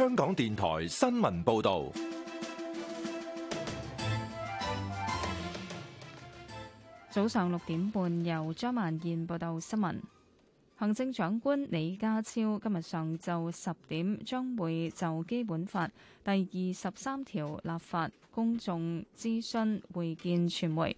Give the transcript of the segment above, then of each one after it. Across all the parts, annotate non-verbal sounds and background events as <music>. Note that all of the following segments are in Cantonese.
香港電台新聞報道，早上六點半由張曼燕報道新聞。行政長官李家超今日上晝十點將會就基本法第二十三條立法公眾諮詢會見傳媒。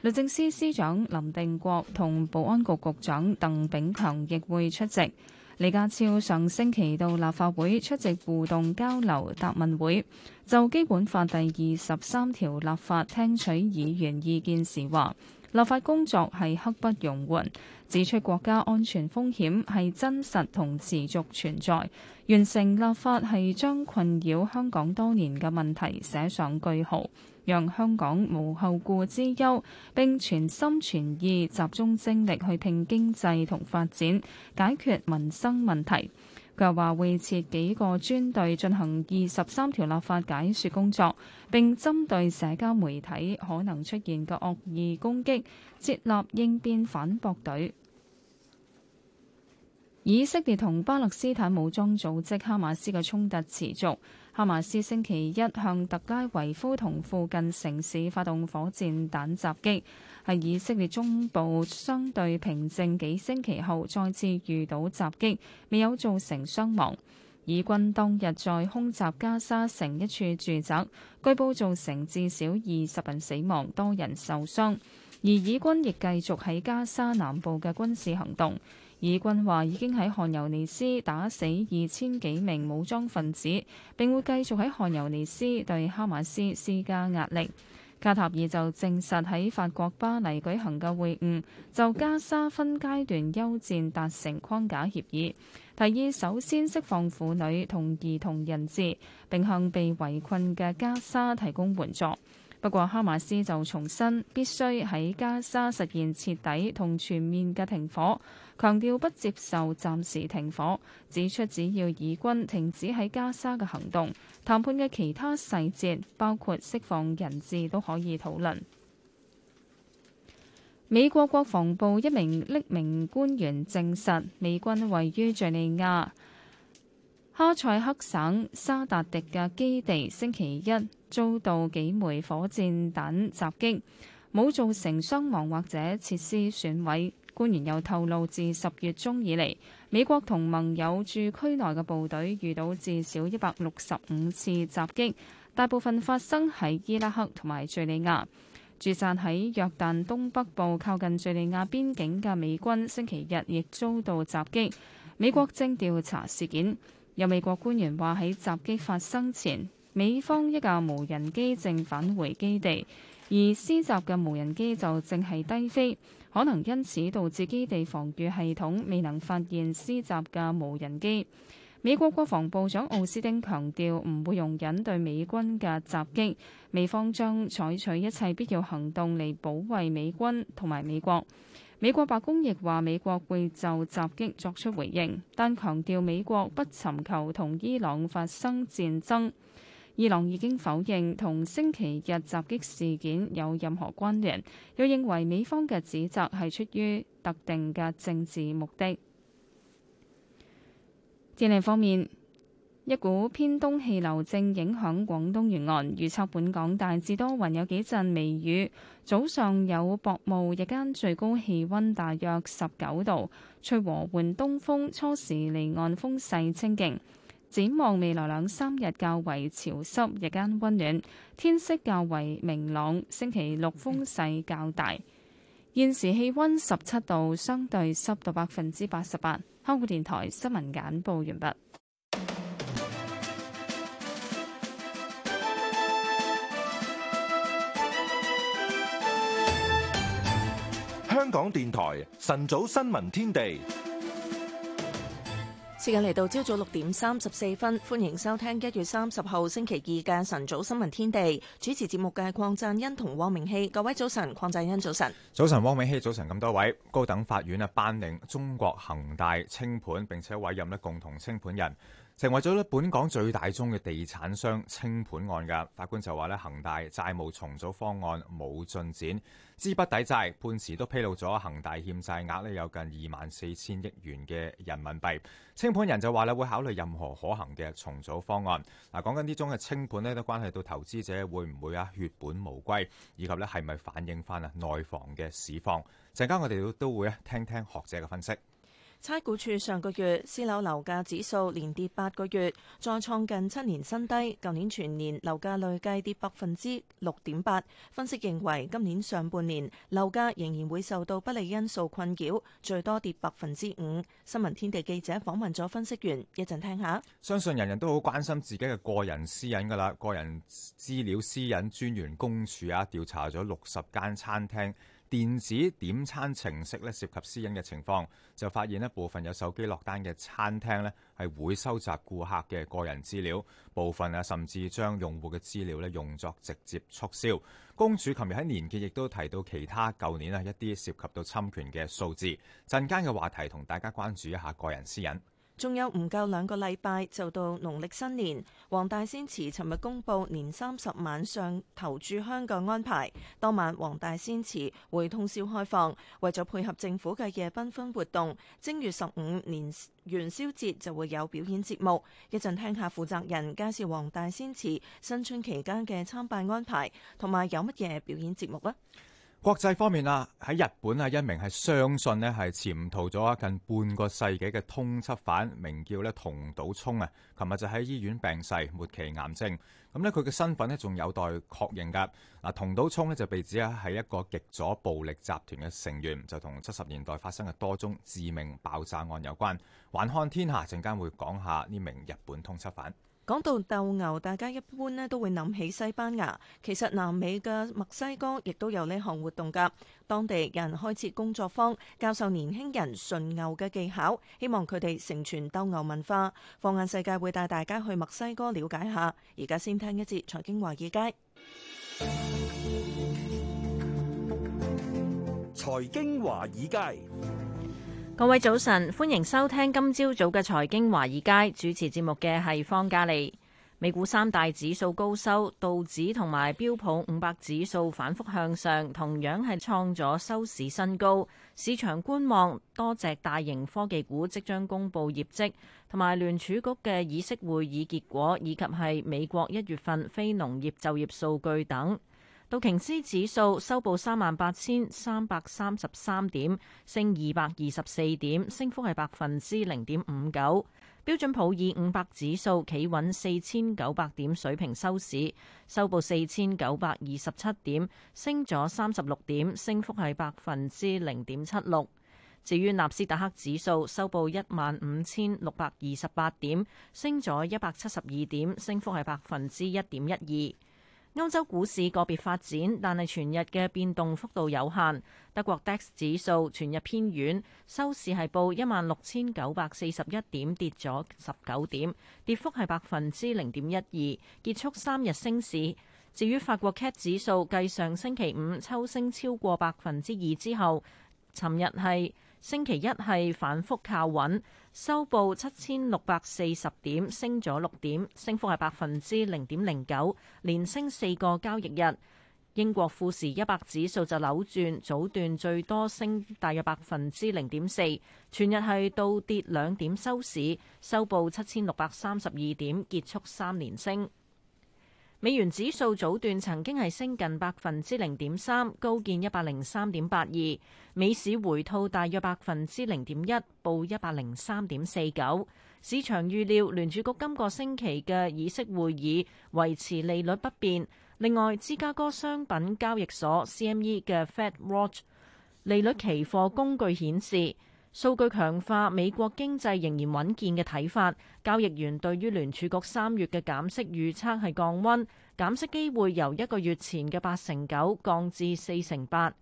律政司司長林定國同保安局局長鄧炳強亦會出席。李家超上星期到立法會出席互動交流答問會，就《基本法》第二十三條立法聽取議員意見時話：立法工作係刻不容緩，指出國家安全風險係真實同持續存在，完成立法係將困擾香港多年嘅問題寫上句號。讓香港無後顧之憂，並全心全意集中精力去拼經濟同發展，解決民生問題。佢又話會設幾個專隊進行二十三條立法解說工作，並針對社交媒體可能出現嘅惡意攻擊，設立應變反駁隊。以色列同巴勒斯坦武裝組織哈馬斯嘅衝突持續。哈馬斯星期一向特拉維夫同附近城市發動火箭彈襲擊，係以色列中部相對平靜幾星期後再次遇到襲擊，未有造成傷亡。以軍當日在空襲加沙城一處住宅，據報造成至少二十人死亡，多人受傷。而以軍亦繼續喺加沙南部嘅軍事行動。以軍話已經喺汗尤尼斯打死二千幾名武裝分子，並會繼續喺汗尤尼斯對哈馬斯施加壓力。卡塔爾就證實喺法國巴黎舉行嘅會晤，就加沙分階段休戰達成框架協議，提議首先釋放婦女同兒童人質，並向被圍困嘅加沙提供援助。不過，哈馬斯就重申必須喺加沙實現徹底同全面嘅停火。強調不接受暫時停火，指出只要以軍停止喺加沙嘅行動，談判嘅其他細節，包括釋放人質，都可以討論。美國國防部一名匿名官員證實，美軍位於敘利亞哈塞克省沙達迪嘅基地，星期一遭到幾枚火箭彈襲擊，冇造成傷亡或者設施損毀。官員又透露，自十月中以嚟，美國同盟友駐區內嘅部隊遇到至少一百六十五次襲擊，大部分發生喺伊拉克同埋敘利亞。駐紮喺約旦東北部靠近敘利亞邊境嘅美軍，星期日亦遭到襲擊。美國正調查事件。有美國官員話，喺襲擊發生前，美方一架無人機正返回基地。而施襲嘅無人機就淨係低飛，可能因此導致基地防禦系統未能發現施襲嘅無人機。美國國防部長奧斯丁強調，唔會容忍對美軍嘅襲擊，美方將採取一切必要行動嚟保衞美軍同埋美國。美國白宮亦話，美國會就襲擊作出回應，但強調美國不尋求同伊朗發生戰爭。伊朗已經否認同星期日襲擊事件有任何關聯，又認為美方嘅指責係出於特定嘅政治目的。天氣方面，一股偏東氣流正影響廣東沿岸，預測本港大致多雲，有幾陣微雨，早上有薄霧，日間最高氣溫大約十九度，吹和緩東風，初時離岸風勢清勁。展望未來兩三日較為潮濕，日間温暖，天色較為明朗。星期六風勢較大。現時氣温十七度，相對濕度百分之八十八。香港電台新聞簡報完畢。香港電台晨早新聞天地。時間嚟到朝早六點三十四分，歡迎收聽一月三十號星期二嘅晨早新聞天地。主持節目嘅鄺贊恩同汪明希，各位早晨，鄺贊恩早晨，早晨，汪明希早晨。咁多位，高等法院啊，頒令中國恒大清盤，並且委任呢共同清盤人，成為咗咧本港最大宗嘅地產商清盤案嘅法官就話咧，恒大債務重組方案冇進展。資不抵債，判詞，都披露咗恒大欠債額咧有近二萬四千億元嘅人民幣。清盤人就話啦，會考慮任何可行嘅重組方案。嗱，講緊呢種嘅清盤咧，都關係到投資者會唔會啊血本無歸，以及咧係咪反映翻啊內房嘅市況。陣間我哋都都會啊聽聽學者嘅分析。差估署上個月私樓樓價指數連跌八個月，再創近七年新低。舊年全年樓價累計跌百分之六點八。分析認為今年上半年樓價仍然會受到不利因素困擾，最多跌百分之五。新聞天地記者訪問咗分析員，一陣聽下。相信人人都好關心自己嘅個人私隱㗎啦，個人資料私隱專員公署啊，調查咗六十間餐廳。電子點餐程式咧涉及私隱嘅情況，就發現一部分有手機落單嘅餐廳咧，係會收集顧客嘅個人資料，部分啊甚至將用戶嘅資料咧用作直接促銷。公署琴日喺年結亦都提到其他舊年啊一啲涉及到侵權嘅數字。陣間嘅話題同大家關注一下個人私隱。仲有唔夠兩個禮拜就到農曆新年，黃大仙祠尋日公布年三十晚上頭炷香嘅安排。當晚黃大仙祠會通宵開放，為咗配合政府嘅夜繽紛活動，正月十五年元宵節就會有表演節目。一陣聽下負責人介紹黃大仙祠新春期間嘅參拜安排，同埋有乜嘢表演節目啦。國際方面啊，喺日本啊，一名係相信咧係潛逃咗近半個世紀嘅通緝犯，名叫咧桐島聰啊。琴日就喺醫院病逝，末期癌症咁咧。佢嘅身份咧仲有待確認噶嗱。桐島聰咧就被指啊係一個極左暴力集團嘅成員，就同七十年代發生嘅多宗致命爆炸案有關。環看天下陣間會講下呢名日本通緝犯。講到鬥牛，大家一般呢都會諗起西班牙。其實南美嘅墨西哥亦都有呢項活動㗎。當地人開設工作坊，教授年輕人馴牛嘅技巧，希望佢哋承傳鬥牛文化。放眼世界，會帶大家去墨西哥了解下。而家先聽一節《財經華爾街》。財經華爾街。各位早晨，歡迎收聽今朝早嘅財經華爾街主持節目嘅係方嘉莉。美股三大指數高收，道指同埋標普五百指數反覆向上，同樣係創咗收市新高。市場觀望多隻大型科技股即將公布業績，同埋聯儲局嘅議息會議結果，以及係美國一月份非農業就業數據等。道瓊斯指數收報三萬八千三百三十三點，升二百二十四點，升幅係百分之零點五九。標準普爾五百指數企穩四千九百點水平收市，收報四千九百二十七點，升咗三十六點，升幅係百分之零點七六。至於納斯達克指數收報一萬五千六百二十八點，升咗一百七十二點，升幅係百分之一點一二。歐洲股市個別發展，但係全日嘅變動幅度有限。德國 DAX 指數全日偏軟，收市係報一萬六千九百四十一點，跌咗十九點，跌幅係百分之零點一二，結束三日升市。至於法國 CAC 指數，繼上星期五抽升超過百分之二之後，尋日係。星期一係反覆靠穩，收報七千六百四十點，升咗六點，升幅係百分之零點零九，連升四個交易日。英國富時一百指數就扭轉，早段最多升大約百分之零點四，全日係倒跌兩點收市，收報七千六百三十二點，結束三連升。美元指數早段曾經係升近百分之零點三，高見一百零三點八二。美市回吐大約百分之零點一，報一百零三點四九。市場預料聯儲局今個星期嘅議息會議維持利率不變。另外，芝加哥商品交易所 CME 嘅 Fed Watch 利率期貨工具顯示。數據強化美國經濟仍然穩健嘅睇法，交易員對於聯儲局三月嘅減息預測係降溫，減息機會由一個月前嘅八成九降至四成八。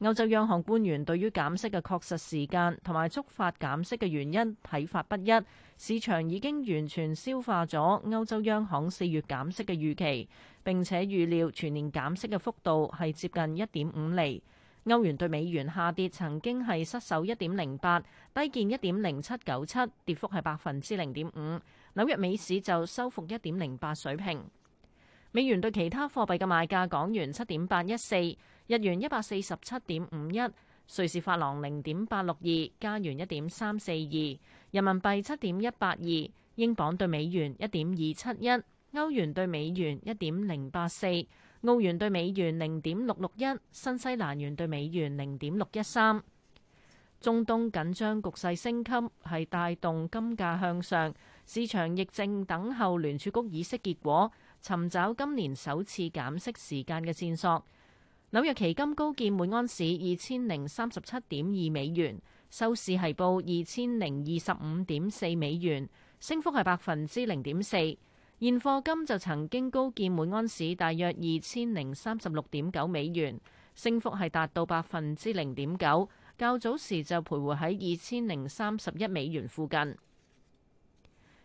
歐洲央行官員對於減息嘅確實時間同埋觸發減息嘅原因睇法不一，市場已經完全消化咗歐洲央行四月減息嘅預期，並且預料全年減息嘅幅度係接近一點五厘。歐元對美元下跌，曾經係失守一點零八，低見一點零七九七，跌幅係百分之零點五。紐約美市就收復一點零八水平。美元對其他貨幣嘅賣價：港元七點八一四，日元一百四十七點五一，瑞士法郎零點八六二，加元一點三四二，人民幣七點一八二，英鎊對美元一點二七一，歐元對美元一點零八四。澳元兌美元零點六六一，新西蘭元兌美元零點六一三。中東緊張局勢升級係帶動金價向上，市場亦正等候聯儲局議息結果，尋找今年首次減息時間嘅線索。紐約期金高見每安士二千零三十七點二美元，收市係報二千零二十五點四美元，升幅係百分之零點四。現貨金就曾經高見每安士大約二千零三十六點九美元，升幅係達到百分之零點九。較早時就徘徊喺二千零三十一美元附近。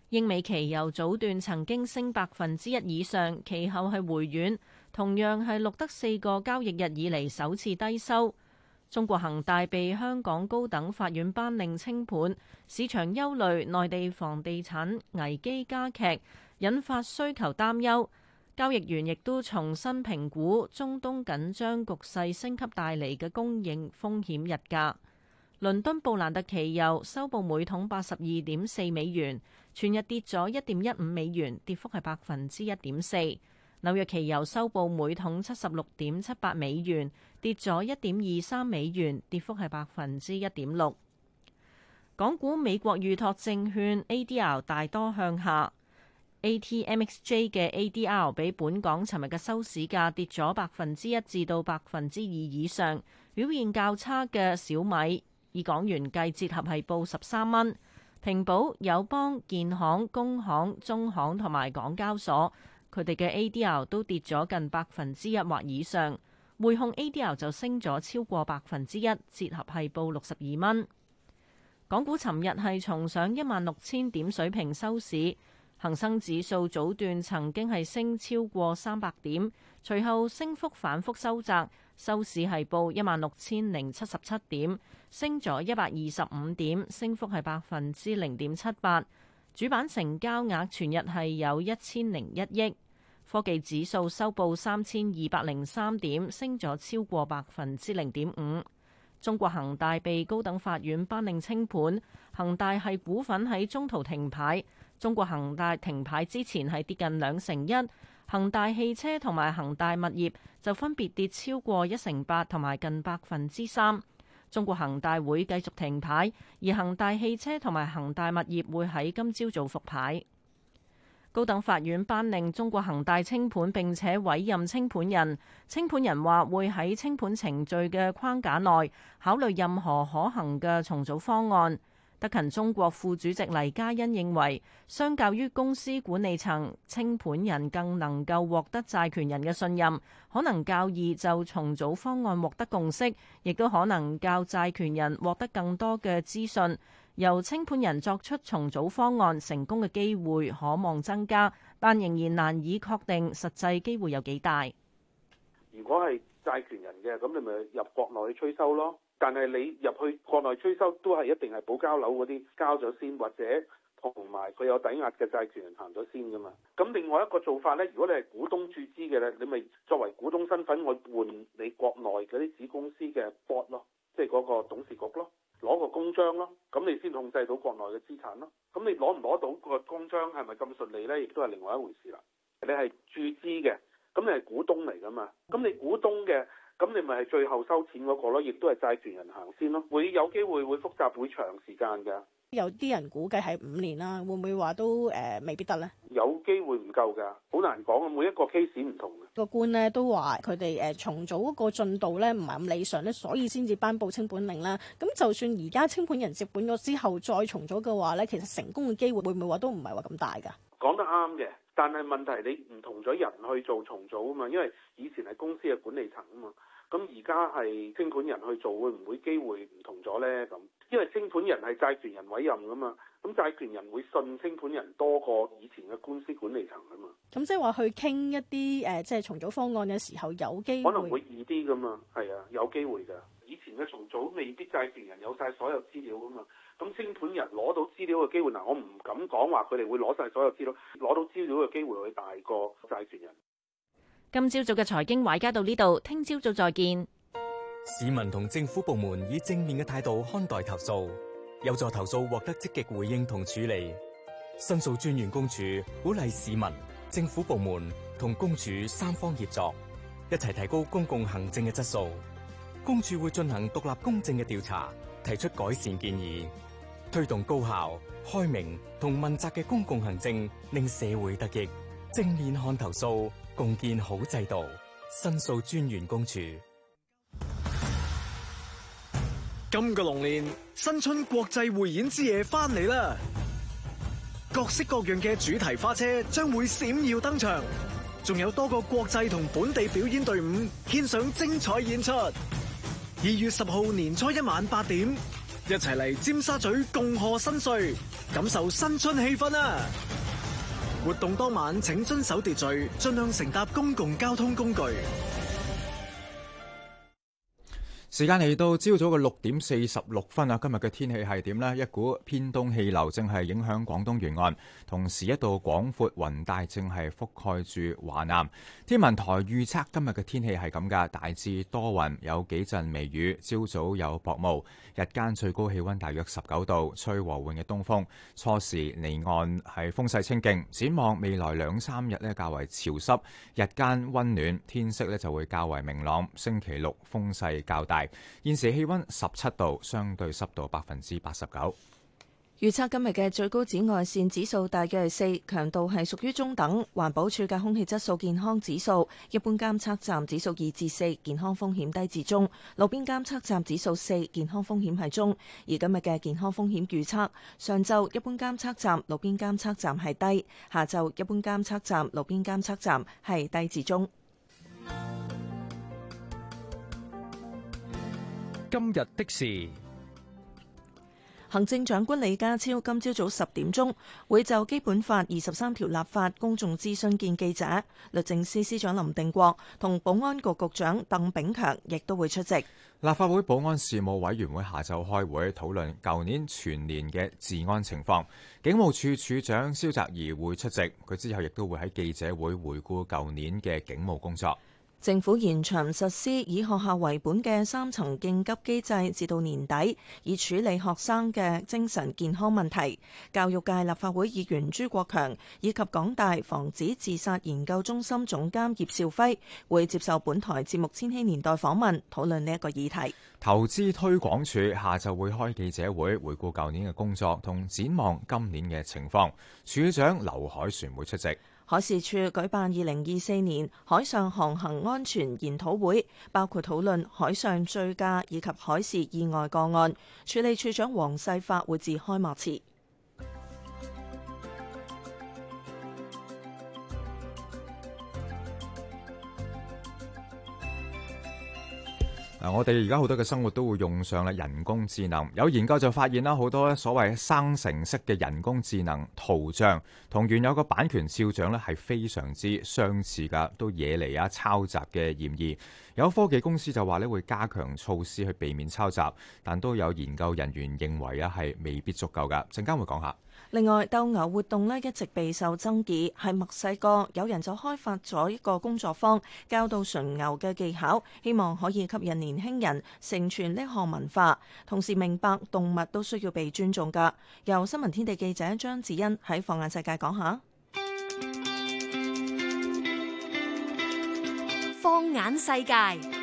英美期油早段曾經升百分之一以上，其後係回軟，同樣係錄得四個交易日以嚟首次低收。中國恒大被香港高等法院頒令清盤，市場憂慮內地房地產危機加劇。引發需求擔憂，交易員亦都重新評估中東緊張局勢升級帶嚟嘅供應風險。日價倫敦布蘭特期油收報每桶八十二點四美元，全日跌咗一點一五美元，跌幅係百分之一點四。紐約期油收報每桶七十六點七八美元，跌咗一點二三美元，跌幅係百分之一點六。港股美國預託證券 ADR 大多向下。A.T.M.X.J 嘅 A.D.R. 比本港尋日嘅收市價跌咗百分之一至到百分之二以上，表現較差嘅小米以港元計元，折合係報十三蚊。平保、友邦、建行、工行、中行同埋港交所，佢哋嘅 A.D.R. 都跌咗近百分之一或以上。匯控 A.D.R. 就升咗超過百分之一，折合係報六十二蚊。港股尋日係重上一萬六千點水平收市。恒生指數早段曾經係升超過三百點，隨後升幅反覆收窄，收市係報一萬六千零七十七點，升咗一百二十五點，升幅係百分之零點七八。主板成交額全日係有一千零一億。科技指數收報三千二百零三點，升咗超過百分之零點五。中國恒大被高等法院頒令清盤，恒大係股份喺中途停牌。中國恒大停牌之前係跌近兩成一，恒大汽車同埋恒大物業就分別跌超過一成八同埋近百分之三。中國恒大會繼續停牌，而恒大汽車同埋恒大物業會喺今朝早復牌。高等法院頒令中國恒大清盤並且委任清盤人，清盤人話會喺清盤程序嘅框架內考慮任何可行嘅重組方案。德勤中國副主席黎嘉欣認為，相較於公司管理層，清盤人更能夠獲得債權人嘅信任，可能較易就重組方案獲得共識，亦都可能較債權人獲得更多嘅資訊，由清盤人作出重組方案成功嘅機會可望增加，但仍然難以確定實際機會有幾大。如果係債權人嘅，咁你咪入國內去催收咯。但係你入去國內催收都係一定係保交樓嗰啲交咗先，或者同埋佢有抵押嘅債權人行咗先噶嘛？咁另外一個做法呢，如果你係股東注資嘅呢，你咪作為股東身份去換你國內嗰啲子公司嘅 board 咯，即係嗰個董事局咯，攞個公章咯，咁你先控制到國內嘅資產咯。咁你攞唔攞到個公章係咪咁順利呢？亦都係另外一回事啦。你係注資嘅，咁你係股東嚟噶嘛？咁你股東嘅。咁你咪係最後收錢嗰個咯，亦都係債權人行先咯，會有機會會複雜，會長時間噶。有啲人估計係五年啦、啊，會唔會話都誒、呃、未必得咧？有機會唔夠㗎，好難講嘅，每一個 case 唔同。個官咧都話佢哋誒重組嗰個進度咧唔係咁理想咧，所以先至頒布清盤令啦。咁就算而家清盤人接盤咗之後再重組嘅話咧，其實成功嘅機會會唔會話都唔係話咁大㗎？講得啱嘅。但係問題，你唔同咗人去做重組啊嘛，因為以前係公司嘅管理層啊嘛，咁而家係清盤人去做，會唔會機會唔同咗呢？咁因為清盤人係債權人委任啊嘛，咁債權人會信清盤人多過以前嘅公司管理層啊嘛。咁即係話去傾一啲誒，即係重組方案嘅時候有機會，可能會易啲㗎嘛？係啊，有機會㗎。以前嘅重組未必債權人有晒所有資料啊嘛。咁，清盤人攞到資料嘅機會嗱，我唔敢講話佢哋會攞晒所有資料，攞到資料嘅機會會大過債權人。今朝早嘅財經華家到呢度，聽朝早再見。市民同政府部門以正面嘅態度看待投訴，有助投訴獲得積極回應同處理。申訴專員公署鼓勵市民、政府部門同公署三方協作，一齊提高公共行政嘅質素。公署會進行獨立公正嘅調查，提出改善建議。推動高效、開明同問責嘅公共行政，令社會得益。正面看投訴，共建好制度。申訴專員公署。今個龍年新春國際匯演之夜翻嚟啦！各式各樣嘅主題花車將會閃耀登場，仲有多個國際同本地表演隊伍獻上精彩演出。二月十號年初一晚八點。一齊嚟尖沙咀共賀新歲，感受新春氣氛啊！活動當晚請遵守秩序，盡量乘搭公共交通工具。時間嚟到朝早嘅六點四十六分啊！今日嘅天氣係點呢？一股偏東氣流正係影響廣東沿岸，同時一道廣闊雲帶正係覆蓋住華南。天文台預測今日嘅天氣係咁㗎，大致多雲，有幾陣微雨，朝早有薄霧。日間最高氣溫大約十九度，吹和緩嘅東風，初時離岸係風勢清勁。展望未來兩三日咧，較為潮濕，日間溫暖，天色咧就會較為明朗。星期六風勢較大，現時氣溫十七度，相對濕度百分之八十九。預測今日嘅最高紫外線指數大約係四，強度係屬於中等。環保署嘅空氣質素健康指數，一般監測站指數二至四，健康風險低至中；路邊監測站指數四，健康風險係中。而今日嘅健康風險預測，上晝一般監測站、路邊監測站係低，下晝一般監測站、路邊監測站係低至中。今日的事。行政長官李家超今朝早十點鐘會就《基本法》二十三條立法公眾諮詢見記者，律政司司長林定國同保安局局長鄧炳強亦都會出席。立法會保安事務委員會下晝開會討論舊年全年嘅治安情況，警務處處長蕭澤頤會出席，佢之後亦都會喺記者會回顧舊年嘅警務工作。政府延長實施以學校為本嘅三層應急機制至到年底，以處理學生嘅精神健康問題。教育界立法會議員朱國強以及港大防止自殺研究中心總監葉兆輝會接受本台節目《千禧年代》訪問，討論呢一個議題。投資推廣署下晝會開記者會，回顧舊年嘅工作同展望今年嘅情況。署長劉凱旋會出席。海事處舉辦二零二四年海上航行安全研討會，包括討論海上醉駕以及海事意外個案。處理處長黃世發會致開幕詞。嗱、啊，我哋而家好多嘅生活都會用上啦人工智能。有研究就發現啦，好多所謂生成式嘅人工智能圖像，同原有個版權肖像咧係非常之相似噶，都惹嚟啊抄襲嘅嫌疑。有科技公司就話咧會加強措施去避免抄襲，但都有研究人員認為啊係未必足夠噶。陣間會講下。另外，鬥牛活動呢一直備受爭議，喺墨西哥有人就開發咗一個工作坊，教導純牛嘅技巧，希望可以吸引年輕人承傳呢項文化，同時明白動物都需要被尊重㗎。由新聞天地記者張智欣喺放眼世界講下。放眼世界。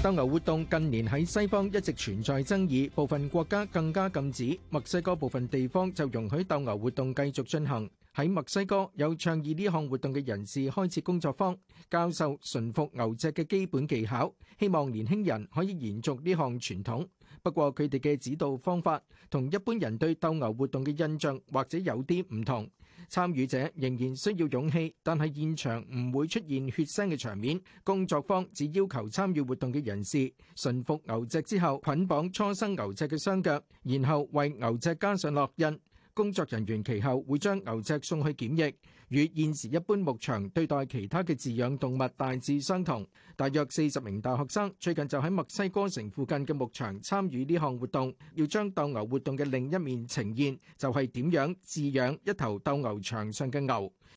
鬥牛活動近年喺西方一直存在爭議，部分國家更加禁止。墨西哥部分地方就容許鬥牛活動繼續進行。喺墨西哥有倡議呢項活動嘅人士開設工作坊，教授馴服牛隻嘅基本技巧，希望年輕人可以延續呢項傳統。不過佢哋嘅指導方法同一般人對鬥牛活動嘅印象或者有啲唔同。參與者仍然需要勇氣，但係現場唔會出現血腥嘅場面。工作坊只要求參與活動嘅人士馴服牛隻之後，捆綁初生牛隻嘅雙腳，然後為牛隻加上烙印。工作人員其後會將牛隻送去檢疫，與現時一般牧場對待其他嘅飼養動物大致相同。大約40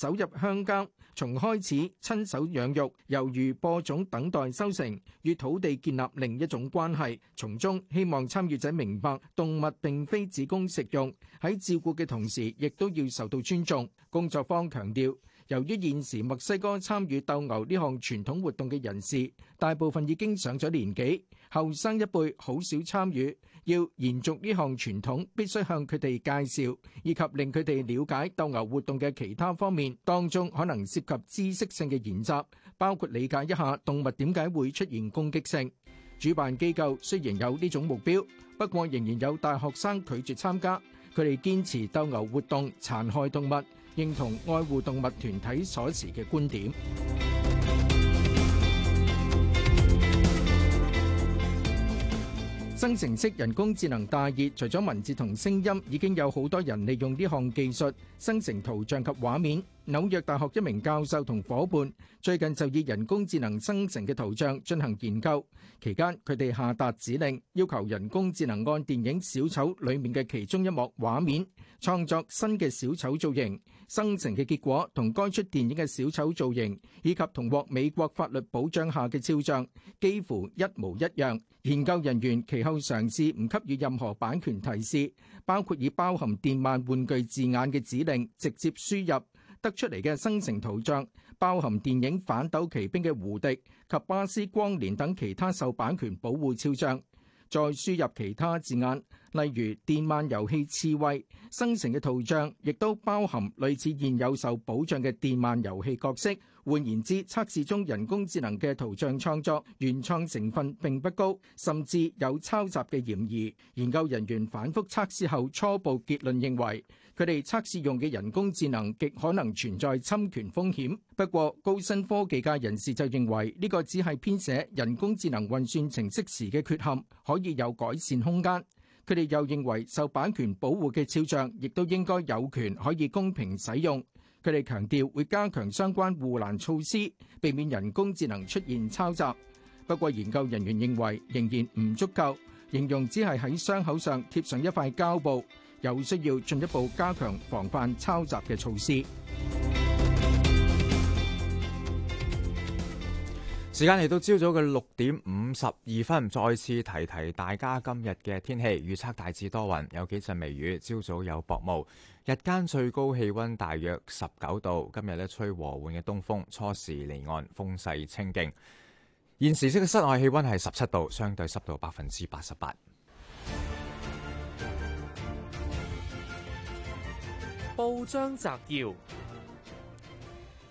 走入鄉郊，從開始親手養育，猶如播種、等待收成，與土地建立另一種關係。從中希望參與者明白，動物並非只供食用，喺照顧嘅同時，亦都要受到尊重。工作坊強調，由於現時墨西哥參與鬥牛呢項傳統活動嘅人士大部分已經上咗年紀，後生一輩好少參與。要延續呢項傳統，必須向佢哋介紹以及令佢哋了解鬥牛活動嘅其他方面，當中可能涉及知識性嘅研習，包括理解一下動物點解會出現攻擊性。主辦機構雖然有呢種目標，不過仍然有大學生拒絕參加，佢哋堅持鬥牛活動殘害動物，認同愛護動物團體所持嘅觀點。生成式人工智能大熱，除咗文字同聲音，已經有好多人利用呢項技術生成圖像及畫面。紐約大學一名教授同夥伴最近就以人工智能生成嘅圖像進行研究，期間佢哋下達指令，要求人工智能按電影《小丑》裡面嘅其中一幕畫面，創作新嘅小丑造型。生成嘅結果同該出電影嘅小丑造型，以及同獲美國法律保障下嘅肖像，幾乎一模一樣。研究人員其後嘗試唔給予任何版權提示，包括以包含電漫玩具字眼嘅指令直接輸入，得出嚟嘅生成圖像包含電影《反斗奇兵》嘅胡迪及巴斯光年等其他受版權保護肖像，再輸入其他字眼。例如電慢遊戲刺蝟生成嘅圖像，亦都包含類似現有受保障嘅電慢遊戲角色。換言之，測試中人工智能嘅圖像創作原創成分並不高，甚至有抄襲嘅嫌疑。研究人員反覆測試後，初步結論認為，佢哋測試用嘅人工智能極可能存在侵權風險。不過，高新科技界人士就認為，呢、這個只係編寫人工智能運算程式時嘅缺陷，可以有改善空間。佢哋又認為受版權保護嘅肖像亦都應該有權可以公平使用。佢哋強調會加強相關護欄措施，避免人工智能出現抄襲。不過，研究人員認為仍然唔足夠，形容只係喺傷口上貼上一塊膠布，有需要進一步加強防範抄襲嘅措施。時間嚟到朝早嘅六點五十二分，再次提提大家今日嘅天氣預測，預測大致多雲，有幾陣微雨，朝早有薄霧，日間最高氣溫大約十九度。今日咧吹和緩嘅東風，初時離岸風勢清勁。現時嘅室外氣溫係十七度，相對濕度百分之八十八。報章摘要：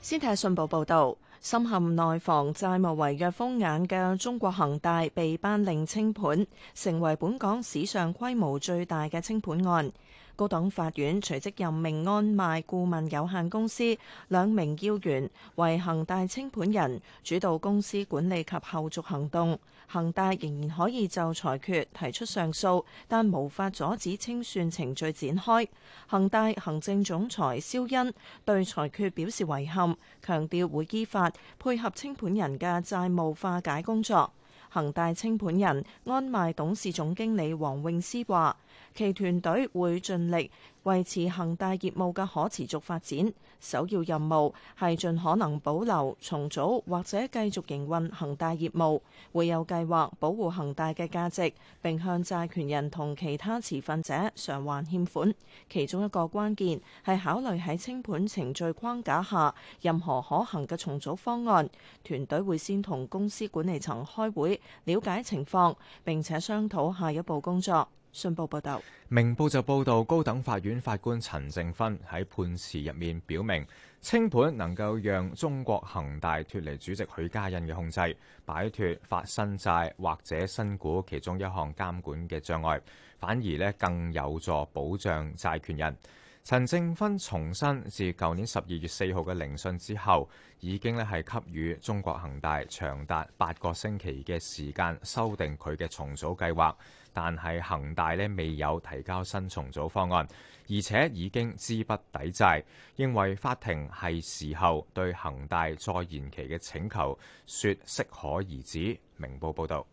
先睇信報報道。深陷內房債務違約風眼嘅中國恆大被頒令清盤，成為本港史上規模最大嘅清盤案。高等法院隨即任命安邁顧問有限公司兩名要員為恆大清盤人，主導公司管理及後續行動。恒大仍然可以就裁決提出上訴，但無法阻止清算程序展開。恒大行政總裁肖恩對裁決表示遺憾，強調會依法配合清盤人嘅債務化解工作。恒大清盤人安邁董事總經理黃詠詩話，其團隊會盡力。維持恒大業務嘅可持續發展，首要任務係盡可能保留、重組或者繼續營運恒大業務，會有計劃保護恒大嘅價值，並向債權人同其他持份者償還欠款。其中一個關鍵係考慮喺清盤程序框架下任何可行嘅重組方案。團隊會先同公司管理層開會，了解情況，並且商討下一步工作。信報報道，明報就報導，高等法院法官陳正芬喺判詞入面表明，清盤能夠讓中國恒大脫離主席許家印嘅控制，擺脫發新債或者新股其中一項監管嘅障礙，反而呢更有助保障債權人。陳正芬重申，自舊年十二月四號嘅聆訊之後，已經呢係給予中國恒大長達八個星期嘅時間，修訂佢嘅重組計劃。但係恒大呢未有提交新重組方案，而且已經資不抵債，認為法庭係時候對恒大再延期嘅請求說適可而止。明報報道。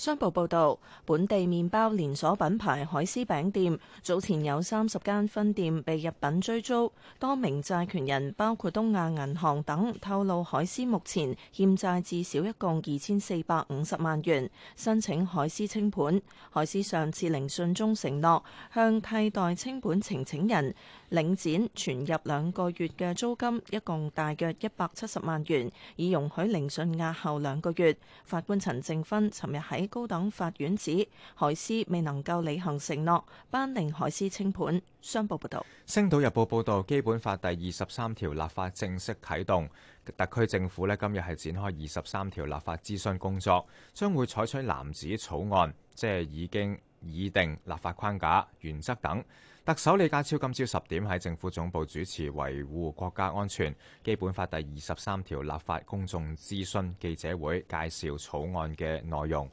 商報報導，本地麵包連鎖品牌海絲餅店早前有三十間分店被入稟追租，多名債權人包括東亞銀行等透露，海絲目前欠債至少一共二千四百五十萬元，申請海絲清盤。海絲上次聆訊中承諾向替代清盤呈請人。領展存入兩個月嘅租金，一共大約一百七十萬元，已容許聆訊押後兩個月。法官陳正芬尋日喺高等法院指，海斯未能夠履行承諾，頒令海斯清盤。商報報道：《星島日報》報道，《基本法》第二十三條立法正式啟動，特區政府咧今日係展開二十三條立法諮詢工作，將會採取藍紙草案，即係已經擬定立法框架、原則等。特首李家超今朝十點喺政府總部主持《維護國家安全基本法》第二十三條立法公眾諮詢記者會，介紹草案嘅內容。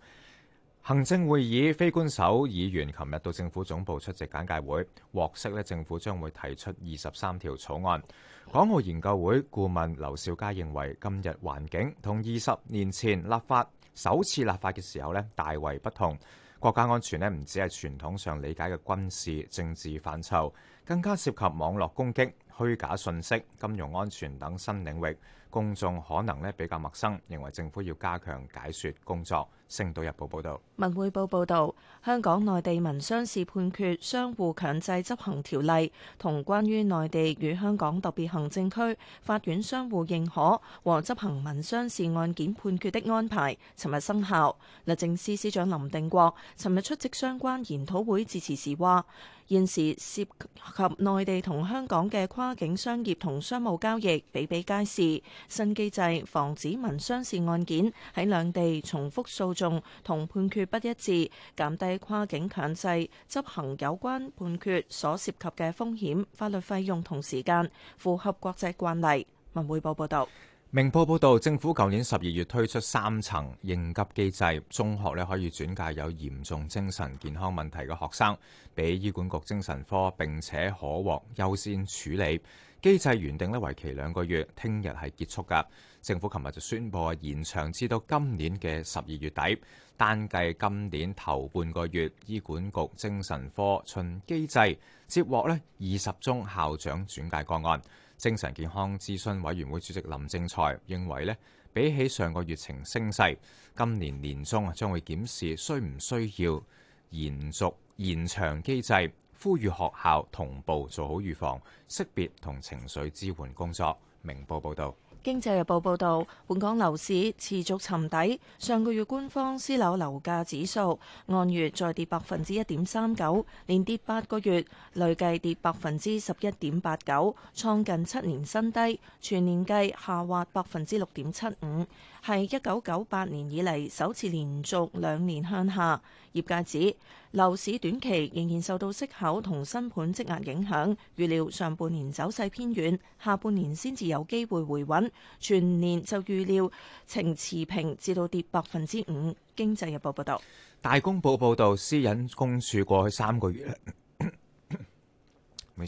行政會議非官守議員琴日到政府總部出席簡介會，獲悉咧政府將會提出二十三條草案。港澳研究會顧問劉兆佳認為，今日環境同二十年前立法首次立法嘅時候咧大為不同。國家安全咧唔只係傳統上理解嘅軍事、政治範疇，更加涉及網絡攻擊、虛假信息、金融安全等新領域。公眾可能比較陌生，認為政府要加強解說工作。《星島日報》報導，《文匯報》報導，香港內地民商事判決相互強制執行條例同關於內地與香港特別行政區法院相互認可和執行民商事案件判決的安排，尋日生效。律政司司長林定國尋日出席相關研討會致辭時話。現時涉及內地同香港嘅跨境商業同商務交易比比皆是，新機制防止民商事案件喺兩地重複訴訟同判決不一致，減低跨境強制執行有關判決所涉及嘅風險、法律費用同時間，符合國際慣例。文匯報報道。明報報道，政府舊年十二月推出三層應急機制，中學呢可以轉介有嚴重精神健康問題嘅學生，俾醫管局精神科，並且可獲優先處理。機制原定呢為期兩個月，聽日係結束㗎。政府琴日就宣佈延長至到今年嘅十二月底。單計今年頭半個月，醫管局精神科循機制接獲呢二十宗校長轉介個案。精神健康諮詢委員會主席林正財認為，咧，比起上個月呈升勢，今年年中啊將會檢視需唔需要延續延長機制，呼籲學校同步做好預防、識別同情緒支援工作。明報報道。經濟日報報導，本港樓市持續尋底。上個月官方私樓樓價指數按月再跌百分之一點三九，連跌八個月，累計跌百分之十一點八九，創近七年新低。全年計下滑百分之六點七五。係一九九八年以嚟首次連續兩年向下，業界指樓市短期仍然受到息口同新盤積壓影響，預料上半年走勢偏軟，下半年先至有機會回穩，全年就預料呈持平至到跌百分之五。經濟日報報道。大公報報道，私隱公署過去三個月咧， <coughs>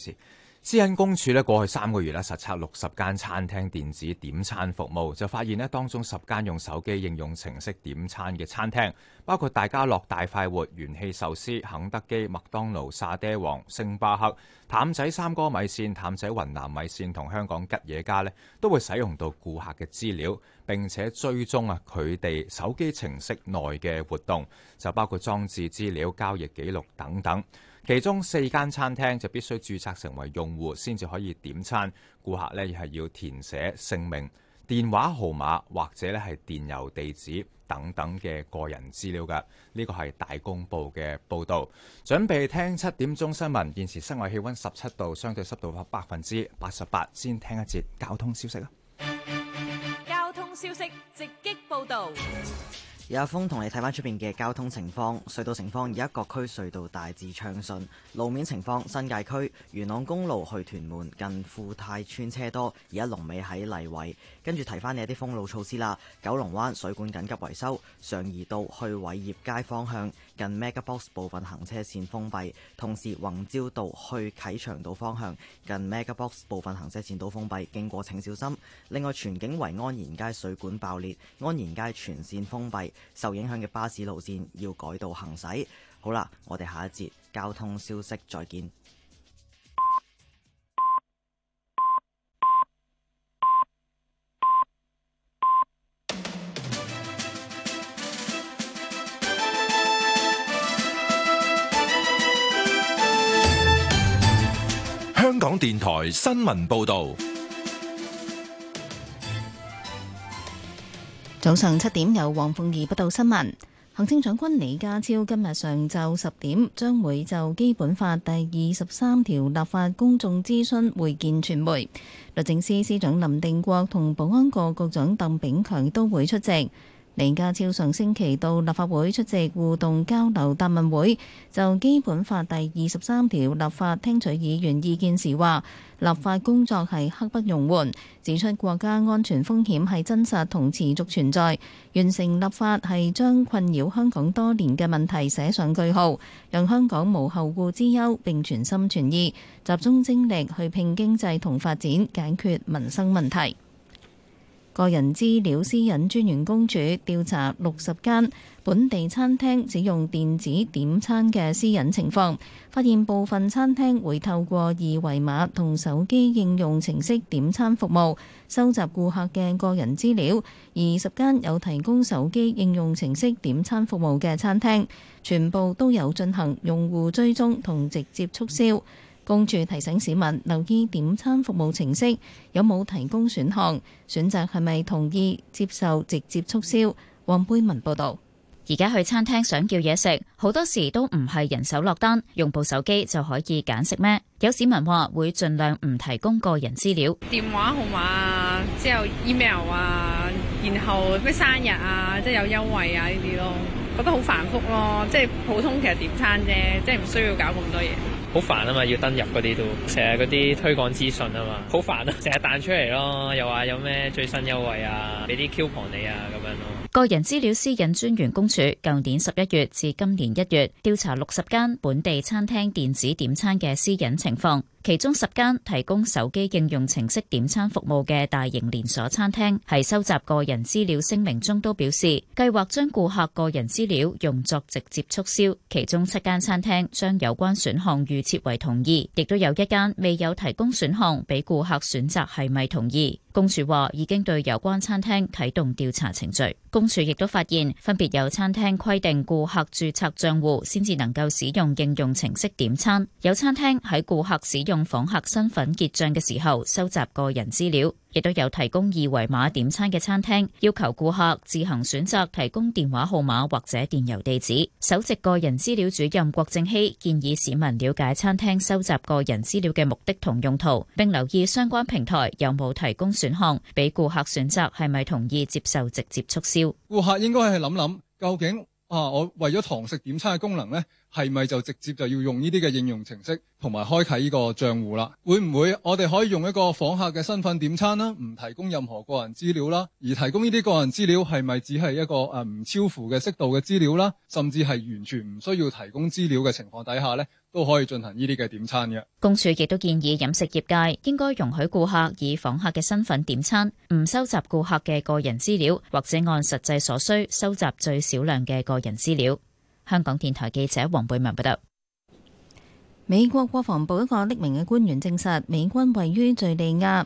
私隱公署咧過去三個月咧實測六十間餐廳電子點餐服務，就發現咧當中十間用手機應用程式點餐嘅餐廳，包括大家樂、大快活、元氣壽司、肯德基、麥當勞、沙爹王、星巴克、譚仔三哥米線、譚仔雲南米線同香港吉野家咧，都會使用到顧客嘅資料，並且追蹤啊佢哋手機程式內嘅活動，就包括裝置資料、交易記錄等等。其中四間餐廳就必須註冊成為用戶，先至可以點餐。顧客呢係要填寫姓名、電話號碼或者呢係電郵地址等等嘅個人資料㗎。呢、這個係大公報嘅報道。準備聽七點鐘新聞。現時室外氣溫十七度，相對濕度百分之八十八。88，先聽一節交通消息啦。交通消息直擊報道。有阿峰同你睇翻出面嘅交通情況，隧道情況，而家各區隧道大致暢順。路面情況，新界區元朗公路去屯門近富泰村車多，而家龍尾喺泥圍。跟住提翻你一啲封路措施啦，九龍灣水管緊急維修，常怡道去偉業街方向。近 mega box 部分行車線封閉，同時宏照道去啟祥道方向近 mega box 部分行車線都封閉，經過請小心。另外，荃景圍安賢街水管爆裂，安賢街全線封閉，受影響嘅巴士路線要改道行駛。好啦，我哋下一節交通消息再見。香港電台新聞報道，早上七點由黃鳳儀報道新聞。行政長官李家超今日上晝十點將會就《基本法》第二十三條立法公眾諮詢會見傳媒，律政司司長林定國同保安局局長鄧炳強都會出席。李家超上星期到立法會出席互動交流答問會，就《基本法》第二十三條立法聽取議員意見時話，立法工作係刻不容緩，指出國家安全風險係真實同持續存在，完成立法係將困擾香港多年嘅問題寫上句號，讓香港無後顧之憂，並全心全意集中精力去拼經濟同發展，解決民生問題。個人資料私隱專員公署調查六十間本地餐廳使用電子點餐嘅私隱情況，發現部分餐廳會透過二維碼同手機應用程式點餐服務收集顧客嘅個人資料，二十間有提供手機應用程式點餐服務嘅餐廳，全部都有進行用戶追蹤同直接促銷。公署提醒市民留意點餐服務程式有冇提供選項，選擇係咪同意接受直接促銷。黃貝文報導。而家去餐廳想叫嘢食，好多時都唔係人手落單，用部手機就可以揀食咩？有市民話會盡量唔提供個人資料、電話號碼啊，之後 email 啊，然後咩生日啊，即係有優惠啊呢啲咯，覺得好繁複咯，即係普通其實點餐啫，即係唔需要搞咁多嘢。好煩啊嘛，要登入嗰啲都成日嗰啲推廣資訊啊嘛，好煩啊，成日彈出嚟咯，又話有咩最新優惠啊，俾啲 coupon 你啊咁樣咯。個人資料私隱專員公署舊年十一月至今年一月調查六十間本地餐廳電子點餐嘅私隱情況。其中十間提供手機應用程式點餐服務嘅大型連鎖餐廳，喺收集個人資料聲明中都表示，計劃將顧客個人資料用作直接促銷。其中七間餐廳將有關選項預設為同意，亦都有一間未有提供選項俾顧客選擇係咪同意。公署話已經對有關餐廳啟動調查程序。公署亦都發現，分別有餐廳規定顧客註冊賬戶先至能夠使用應用程式點餐，有餐廳喺顧客使用。用訪客身份結賬嘅時候收集個人資料，亦都有提供二維碼點餐嘅餐廳，要求顧客自行選擇提供電話號碼或者電郵地址。首席個人資料主任郭正熙建議市民了解餐廳收集個人資料嘅目的同用途，並留意相關平台有冇提供選項俾顧客選擇係咪同意接受直接促銷。顧客應該係諗諗究竟。啊！我為咗堂食點餐嘅功能呢係咪就直接就要用呢啲嘅應用程式，同埋開啟呢個賬戶啦？會唔會我哋可以用一個訪客嘅身份點餐啦？唔提供任何個人資料啦，而提供呢啲個人資料係咪只係一個誒唔超乎嘅適度嘅資料啦？甚至係完全唔需要提供資料嘅情況底下呢？都可以進行呢啲嘅點餐嘅。公署亦都建議飲食業界應該容許顧客以訪客嘅身份點餐，唔收集顧客嘅個人資料，或者按實際所需收集最少量嘅個人資料。香港電台記者黃貝文報道。美國國防部一個匿名嘅官員證實，美軍位於敘利亞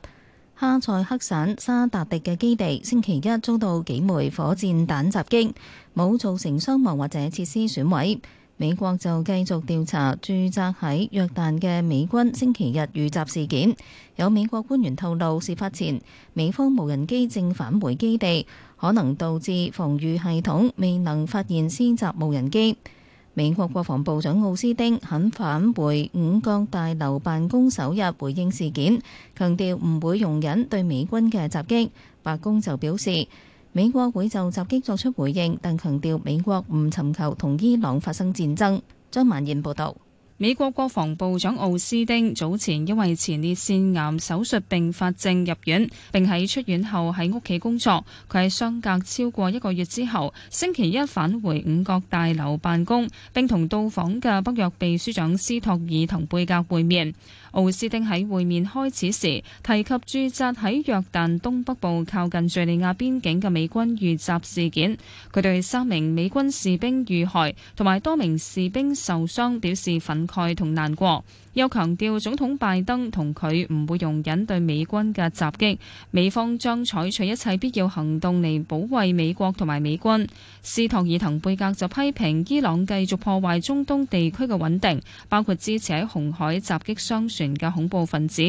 哈塞克省沙達迪嘅基地，星期一遭到幾枚火箭彈襲擊，冇造成傷亡或者設施損毀。美國就繼續調查駐紮喺約旦嘅美軍星期日遇襲事件。有美國官員透露，事發前美方無人機正返回基地，可能導致防禦系統未能發現施襲無人機。美國國防部長奧斯丁肯返回五角大樓辦公首日，回應事件，強調唔會容忍對美軍嘅襲擊。白宮就表示。美國會就襲擊作出回應，但強調美國唔尋求同伊朗發生戰爭。張萬燕報導，美國國防部長奧斯丁早前因為前列腺癌手術並發症入院，並喺出院後喺屋企工作。佢喺相隔超過一個月之後，星期一返回五角大樓辦公，並同到訪嘅北約秘書長斯托爾同貝格會面。奧斯丁喺會面開始時提及駐紮喺約旦東北部靠近敘利亞邊境嘅美軍遇襲事件，佢對三名美軍士兵遇害同埋多名士兵受傷表示憤慨同難過。又強調總統拜登同佢唔會容忍對美軍嘅襲擊，美方將採取一切必要行動嚟保衞美國同埋美軍。斯托爾滕貝格就批評伊朗繼續破壞中東地區嘅穩定，包括支持喺紅海襲擊商船嘅恐怖分子。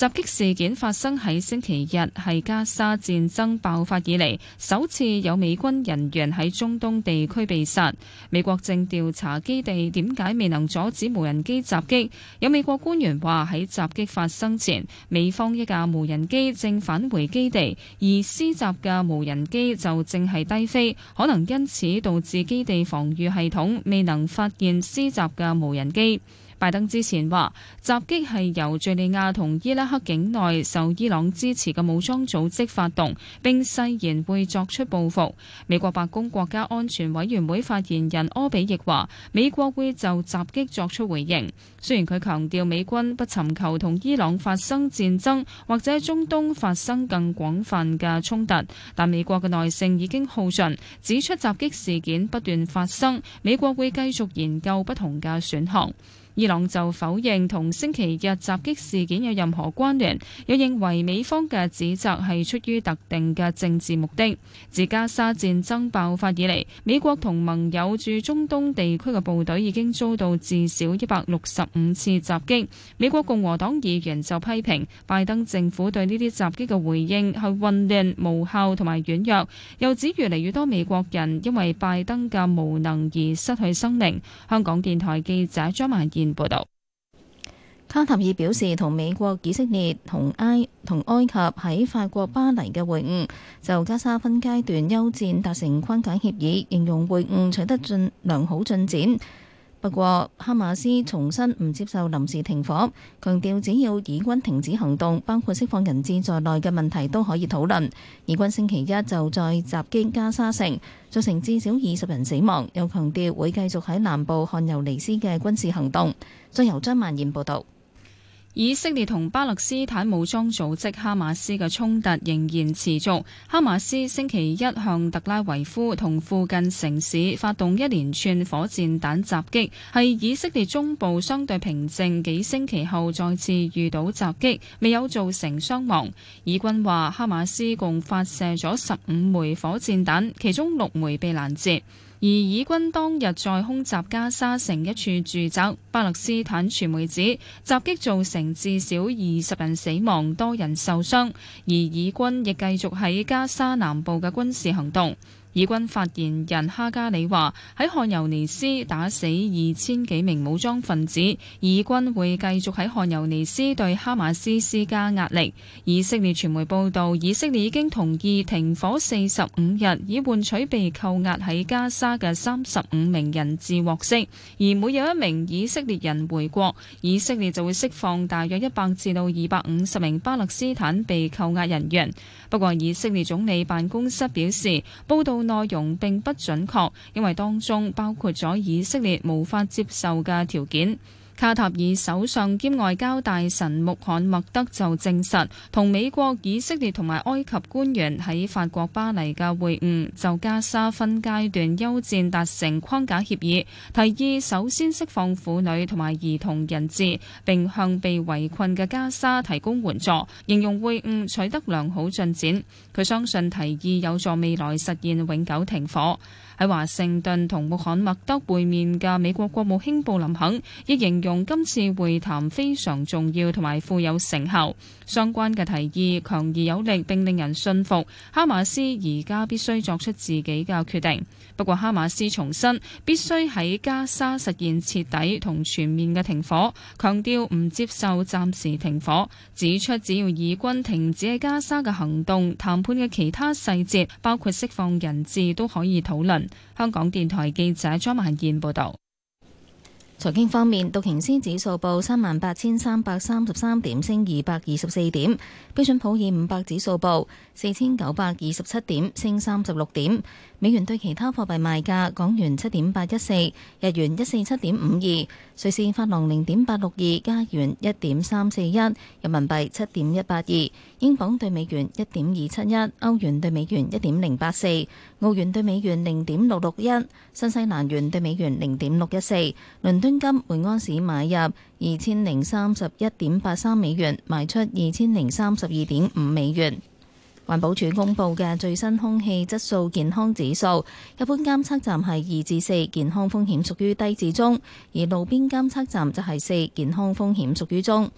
襲擊事件發生喺星期日，係加沙戰爭爆發以嚟首次有美軍人員喺中東地區被殺。美國正調查基地點解未能阻止無人機襲擊。有美國官員話喺襲擊發生前，美方一架無人機正返回基地，而施襲嘅無人機就正係低飛，可能因此導致基地防禦系統未能發現施襲嘅無人機。拜登之前話襲擊係由敘利亞同伊拉克境內受伊朗支持嘅武裝組織發動，並誓言會作出報復。美國白宮國家安全委員會發言人柯比亦話，美國會就襲擊作出回應，雖然佢強調美軍不尋求同伊朗發生戰爭或者中東發生更廣泛嘅衝突，但美國嘅耐性已經耗盡，指出襲擊事件不斷發生，美國會繼續研究不同嘅選項。伊朗就否認同星期日襲擊事件有任何關聯，又認為美方嘅指責係出於特定嘅政治目的。自加沙戰爭爆發以嚟，美國同盟友駐中東地區嘅部隊已經遭到至少一百六十五次襲擊。美國共和黨議員就批評拜登政府對呢啲襲擊嘅回應係混亂、無效同埋軟弱，又指越嚟越多美國人因為拜登嘅無能而失去生命。香港電台記者張曼賢。報道，卡塔爾表示同美國、以色列同埃同埃及喺法國巴黎嘅會晤就加沙分階段休戰達成框架協議，形容會晤取得進良好進展。不過，哈馬斯重申唔接受臨時停火，強調只要以軍停止行動，包括釋放人質在內嘅問題都可以討論。以軍星期一就再襲擊加沙城，造成至少二十人死亡，又強調會繼續喺南部汗尤尼斯嘅軍事行動。再由張曼燕報導。以色列同巴勒斯坦武裝組織哈馬斯嘅衝突仍然持續。哈馬斯星期一向特拉維夫同附近城市發動一連串火箭彈襲擊，係以色列中部相對平靜幾星期後再次遇到襲擊，未有造成傷亡。以軍話，哈馬斯共發射咗十五枚火箭彈，其中六枚被攔截。而以軍當日再空襲加沙城一處住宅，巴勒斯坦傳媒指襲擊造成至少二十人死亡，多人受傷。而以軍亦繼續喺加沙南部嘅軍事行動。以軍發言人哈加里話：喺漢尤尼斯打死二千幾名武裝分子，以軍會繼續喺漢尤尼斯對哈馬斯施加壓力。以色列傳媒報道，以色列已經同意停火四十五日，以換取被扣押喺加沙嘅三十五名人質獲釋。而每有一名以色列人回國，以色列就會釋放大約一百至到二百五十名巴勒斯坦被扣押人員。不過，以色列總理辦公室表示，報道內容並不準確，因為當中包括咗以色列無法接受嘅條件。卡塔爾首相兼外交大臣穆罕默德就證實，同美國、以色列同埋埃及官員喺法國巴黎嘅會晤，就加沙分階段休戰達成框架協議，提議首先釋放婦女同埋兒童人質，並向被圍困嘅加沙提供援助，形容會晤取得良好進展。佢相信提議有助未來實現永久停火。喺華盛頓同穆罕默德會面嘅美國國務卿布林肯，亦形容今次會談非常重要同埋富有成效。相關嘅提議強而有力，並令人信服，哈馬斯而家必須作出自己嘅決定。不過哈馬斯重申必須喺加沙實現徹底同全面嘅停火，強調唔接受暫時停火，指出只要以軍停止喺加沙嘅行動，談判嘅其他細節，包括釋放人質，都可以討論。香港電台記者張曼燕報導。財經方面，道瓊斯指數報三萬八千三百三十三點，升二百二十四點；標準普爾五百指數報四千九百二十七點，升三十六點。美元對其他貨幣賣價：港元七點八一四，日元一四七點五二，瑞士法郎零點八六二，加元一點三四一，人民幣七點一八二，英鎊對美元一點二七一，歐元對美元一點零八四，澳元對美元零點六六一，新西蘭元對美元零點六一四，倫敦。金每安士買入二千零三十一點八三美元，賣出二千零三十二點五美元。環保署公布嘅最新空氣質素健康指數，一般監測站係二至四，健康風險屬於低至中；而路邊監測站就係四，健康風險屬於中。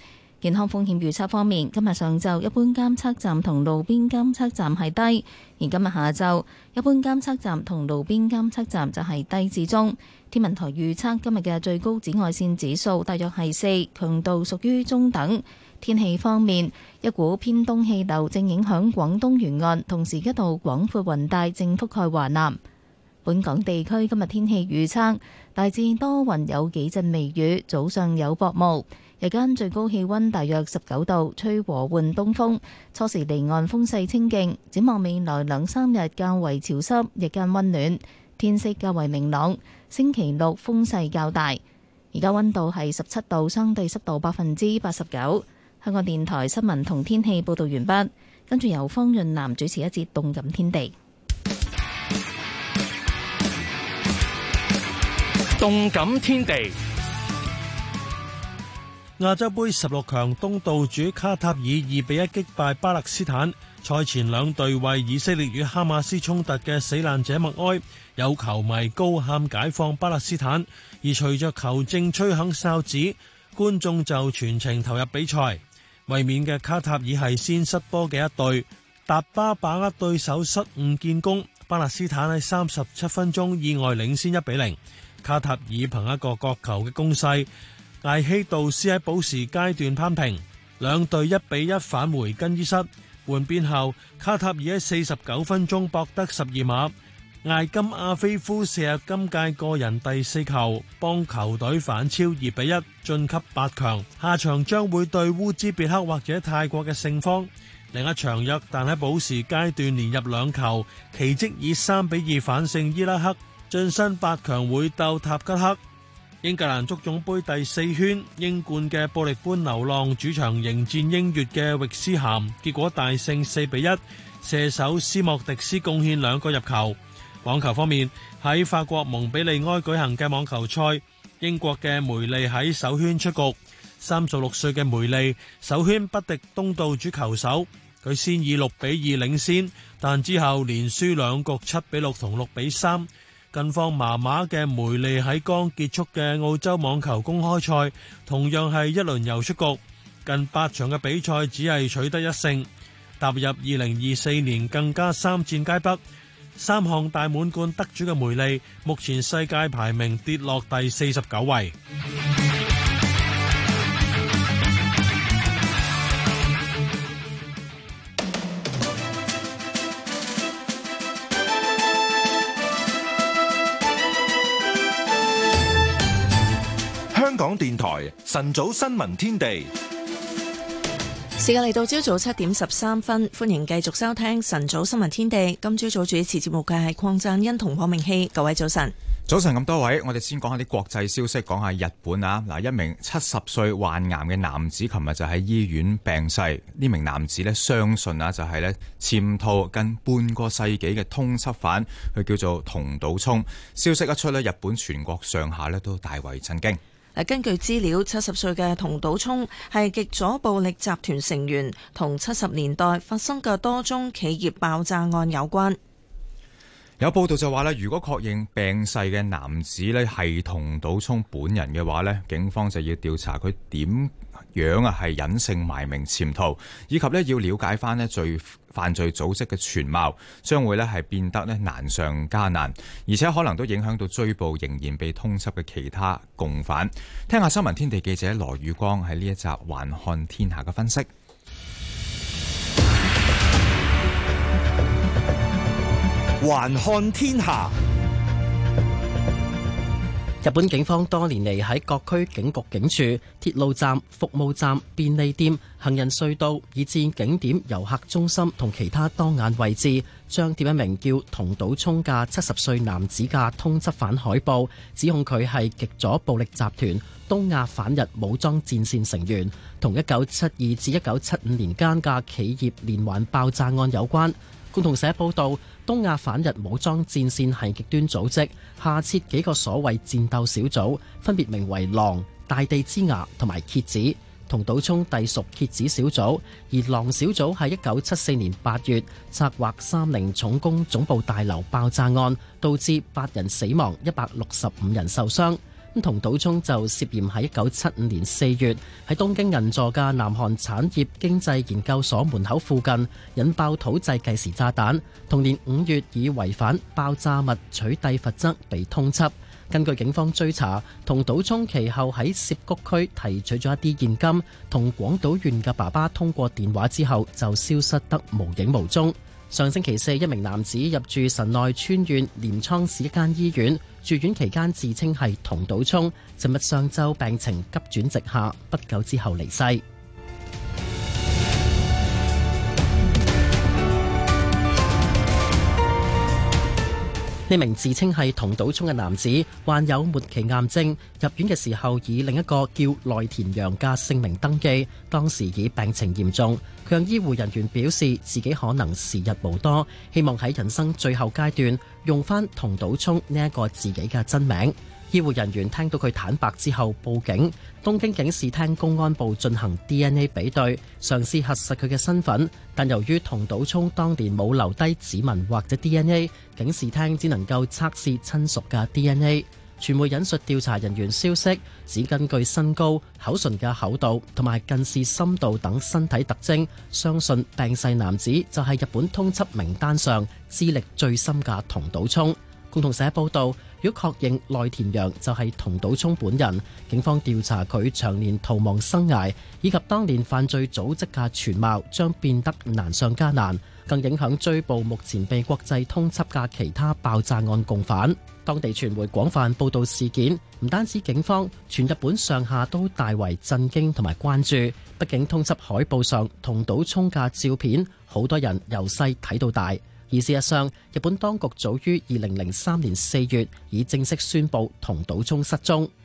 健康風險預測方面，今日上晝一般監測站同路邊監測站係低，而今日下晝一般監測站同路邊監測站就係低至中。天文台預測今日嘅最高紫外線指數大約係四，強度屬於中等。天氣方面，一股偏東氣流正影響廣東沿岸，同時一道廣闊雲帶正覆蓋華南。本港地區今日天氣預測大致多雲，有幾陣微雨，早上有薄霧，日間最高氣溫大約十九度，吹和緩東風，初時離岸風勢清勁。展望未來兩三日較為潮濕，日間溫暖，天色較為明朗。星期六風勢較大，而家温度係十七度，相對濕度百分之八十九。香港電台新聞同天氣報道完畢，跟住由方潤南主持一節《動感天地》。《動感天地》亞洲盃十六強東道主卡塔爾二比一擊敗巴勒斯坦，賽前兩隊為以色列與哈馬斯衝突嘅死難者默哀。有球迷高喊解放巴勒斯坦，而隨着球證吹響哨子，觀眾就全程投入比賽。衛冕嘅卡塔爾係先失波嘅一隊，達巴把握對手失誤建功。巴勒斯坦喺三十七分鐘意外領先一比零，卡塔爾憑一個角球嘅攻勢，艾希道斯喺補時階段攀平，兩隊一比一返回更衣室。換邊後，卡塔爾喺四十九分鐘博得十二碼。艾金阿菲夫射入今屆個人第四球，幫球隊反超二比一晉級八強。下場將會對烏茲別克或者泰國嘅勝方。另一場約旦喺補時階段連入兩球，奇蹟以三比二反勝伊拉克，晉身八強會鬥塔吉克。英格蘭足總杯第四圈，英冠嘅布力般流浪主場迎戰英粵嘅域斯咸，結果大勝四比一，射手斯莫迪斯貢獻兩個入球。網球方面，喺法國蒙比利埃舉行的網球賽，英國的梅利喺首圈出局。三十六歲的梅利首圈不敵東道主球手，佢先以六比二領先，但之後連輸兩局，七比六同六比三。近況麻麻嘅梅利喺剛結束嘅澳洲網球公開賽同樣係一輪遊出局。近八場嘅比賽只係取得一勝，踏入二零二四年更加三戰皆北。三項大滿貫得主嘅梅利，目前世界排名跌落第四十九位。香港電台晨早新聞天地。時間嚟到朝早七點十三分，歡迎繼續收聽晨早新聞天地。今朝早主持節目嘅係鄺贊恩同鄺明熙。各位早晨。早晨咁多位，我哋先講下啲國際消息，講下日本啊。嗱，一名七十歲患癌嘅男子，琴日就喺醫院病逝。呢名男子咧，相信啊，就係咧潛逃近半個世紀嘅通緝犯，佢叫做同島聰。消息一出咧，日本全國上下咧都大為震驚。根據資料，七十歲嘅同島聰係極左暴力集團成員，同七十年代發生嘅多宗企業爆炸案有關。有報道就話呢，如果確認病逝嘅男子呢係同島聰本人嘅話呢，警方就要調查佢點。樣啊，係隱姓埋名潛逃，以及呢要了解翻咧罪犯罪組織嘅全貌，將會呢係變得咧難上加難，而且可能都影響到追捕仍然被通緝嘅其他共犯。聽下新聞天地記者羅宇光喺呢一集《環看天下》嘅分析。環看天下。日本警方多年嚟喺各區警局、警署、鐵路站、服務站、便利店、行人隧道，以至景點遊客中心同其他當眼位置，張貼一名叫同島聰嘅七十歲男子嘅通緝犯海報，指控佢係極左暴力集團東亞反日武裝戰線成員，同一九七二至一九七五年間嘅企業連環爆炸案有關。共同社報道。東亞反日武裝戰線係極端組織，下設幾個所謂戰鬥小組，分別名為狼、大地之牙同埋蠍子。桐島聰隸屬蠍子小組，而狼小組喺一九七四年八月策劃三菱重工總部大樓爆炸案，導致八人死亡，一百六十五人受傷。同島聰就涉嫌喺一九七五年四月喺東京銀座嘅南韓產業經濟研究所門口附近引爆土製計時炸彈。同年五月以違反爆炸物取締罰則被通緝。根據警方追查，同島聰其後喺澀谷區提取咗一啲現金，同廣島縣嘅爸爸通過電話之後就消失得無影無蹤。上星期四，一名男子入住神奈川縣鐮倉市一間醫院。住院期間自稱係同島衝，尋日上週病情急轉直下，不久之後離世。呢名自稱係同島聰嘅男子患有末期癌症，入院嘅時候以另一個叫內田洋嘅姓名登記，當時以病情嚴重，向醫護人員表示自己可能時日無多，希望喺人生最後階段用翻同島聰呢一個自己嘅真名。醫護人員聽到佢坦白之後報警，東京警視廳公安部進行 DNA 比對，嘗試核實佢嘅身份。但由於同島聰當年冇留低指紋或者 DNA，警視廳只能夠測試親屬嘅 DNA。傳媒引述調查人員消息，只根據身高、口唇嘅厚度同埋近視深度等身體特徵，相信病逝男子就係日本通緝名單上資歷最深嘅同島聰。共同社報道。如果確認內田洋就係同島聰本人，警方調查佢長年逃亡生涯以及當年犯罪組織嘅全貌，將變得難上加難，更影響追捕目前被國際通緝嘅其他爆炸案共犯。當地傳媒廣泛報導事件，唔單止警方，全日本上下都大為震驚同埋關注。畢竟通緝海報上同島聰嘅照片，好多人由細睇到大。而事實上，日本當局早於二零零三年四月已正式宣布同島中失蹤。 <music>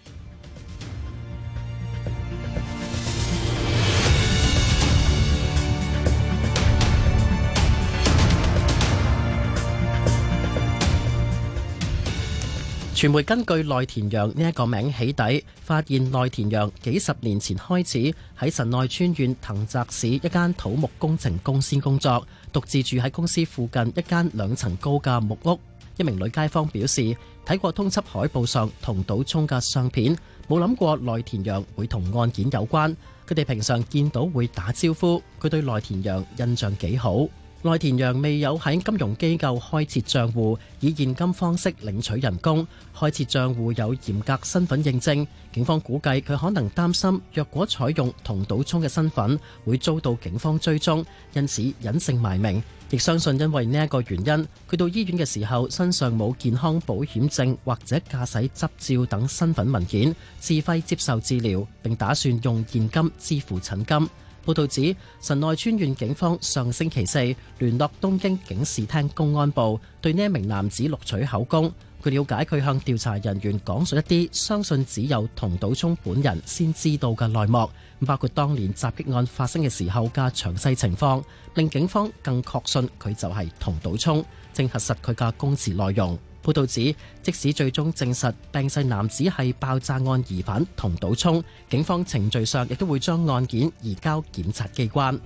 傳媒根據內田洋呢一個名起底，發現內田洋幾十年前開始喺神奈川縣藤澤市一間土木工程公司工作。獨自住喺公司附近一間兩層高嘅木屋。一名女街坊表示，睇過通緝海報上同島聰嘅相片，冇諗過內田洋會同案件有關。佢哋平常見到會打招呼，佢對內田洋印象幾好。內田洋未有喺金融機構開設賬戶，以現金方式領取人工。開設賬戶有嚴格身份認證，警方估計佢可能擔心，若果採用桐島聰嘅身份，會遭到警方追蹤，因此隱姓埋名。亦相信因為呢一個原因，佢到醫院嘅時候身上冇健康保險證或者駕駛執照等身份文件，自費接受治療，並打算用現金支付診金。報道指，神奈川縣警方上星期四聯絡東京警視廳公安部，對呢一名男子錄取口供。據瞭解，佢向調查人員講述一啲相信只有同島聰本人先知道嘅內幕，咁包括當年襲擊案發生嘅時候嘅詳細情況，令警方更確信佢就係同島聰，正核實佢嘅供詞內容。報道指，即使最終證實病逝男子係爆炸案疑犯同倒沖，警方程序上亦都會將案件移交檢察機關。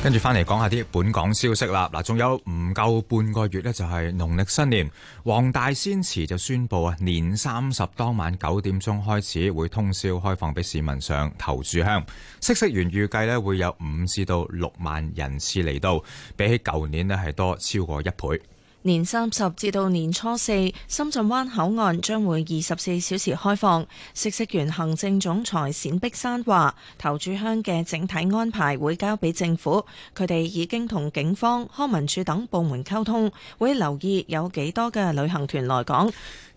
跟住翻嚟講下啲本港消息啦，嗱，仲有唔夠半個月呢，就係農曆新年。黃大仙祠就宣佈啊，年三十當晚九點鐘開始會通宵開放俾市民上頭柱香，嗇色園預計咧會有五至到六萬人次嚟到，比起舊年咧係多超過一倍。年三十至到年初四，深圳灣口岸將會二十四小時開放。嗇色園行政總裁冼碧山話頭炷香嘅整體安排會交俾政府，佢哋已經同警方、康文署等部門溝通，會留意有幾多嘅旅行團來港。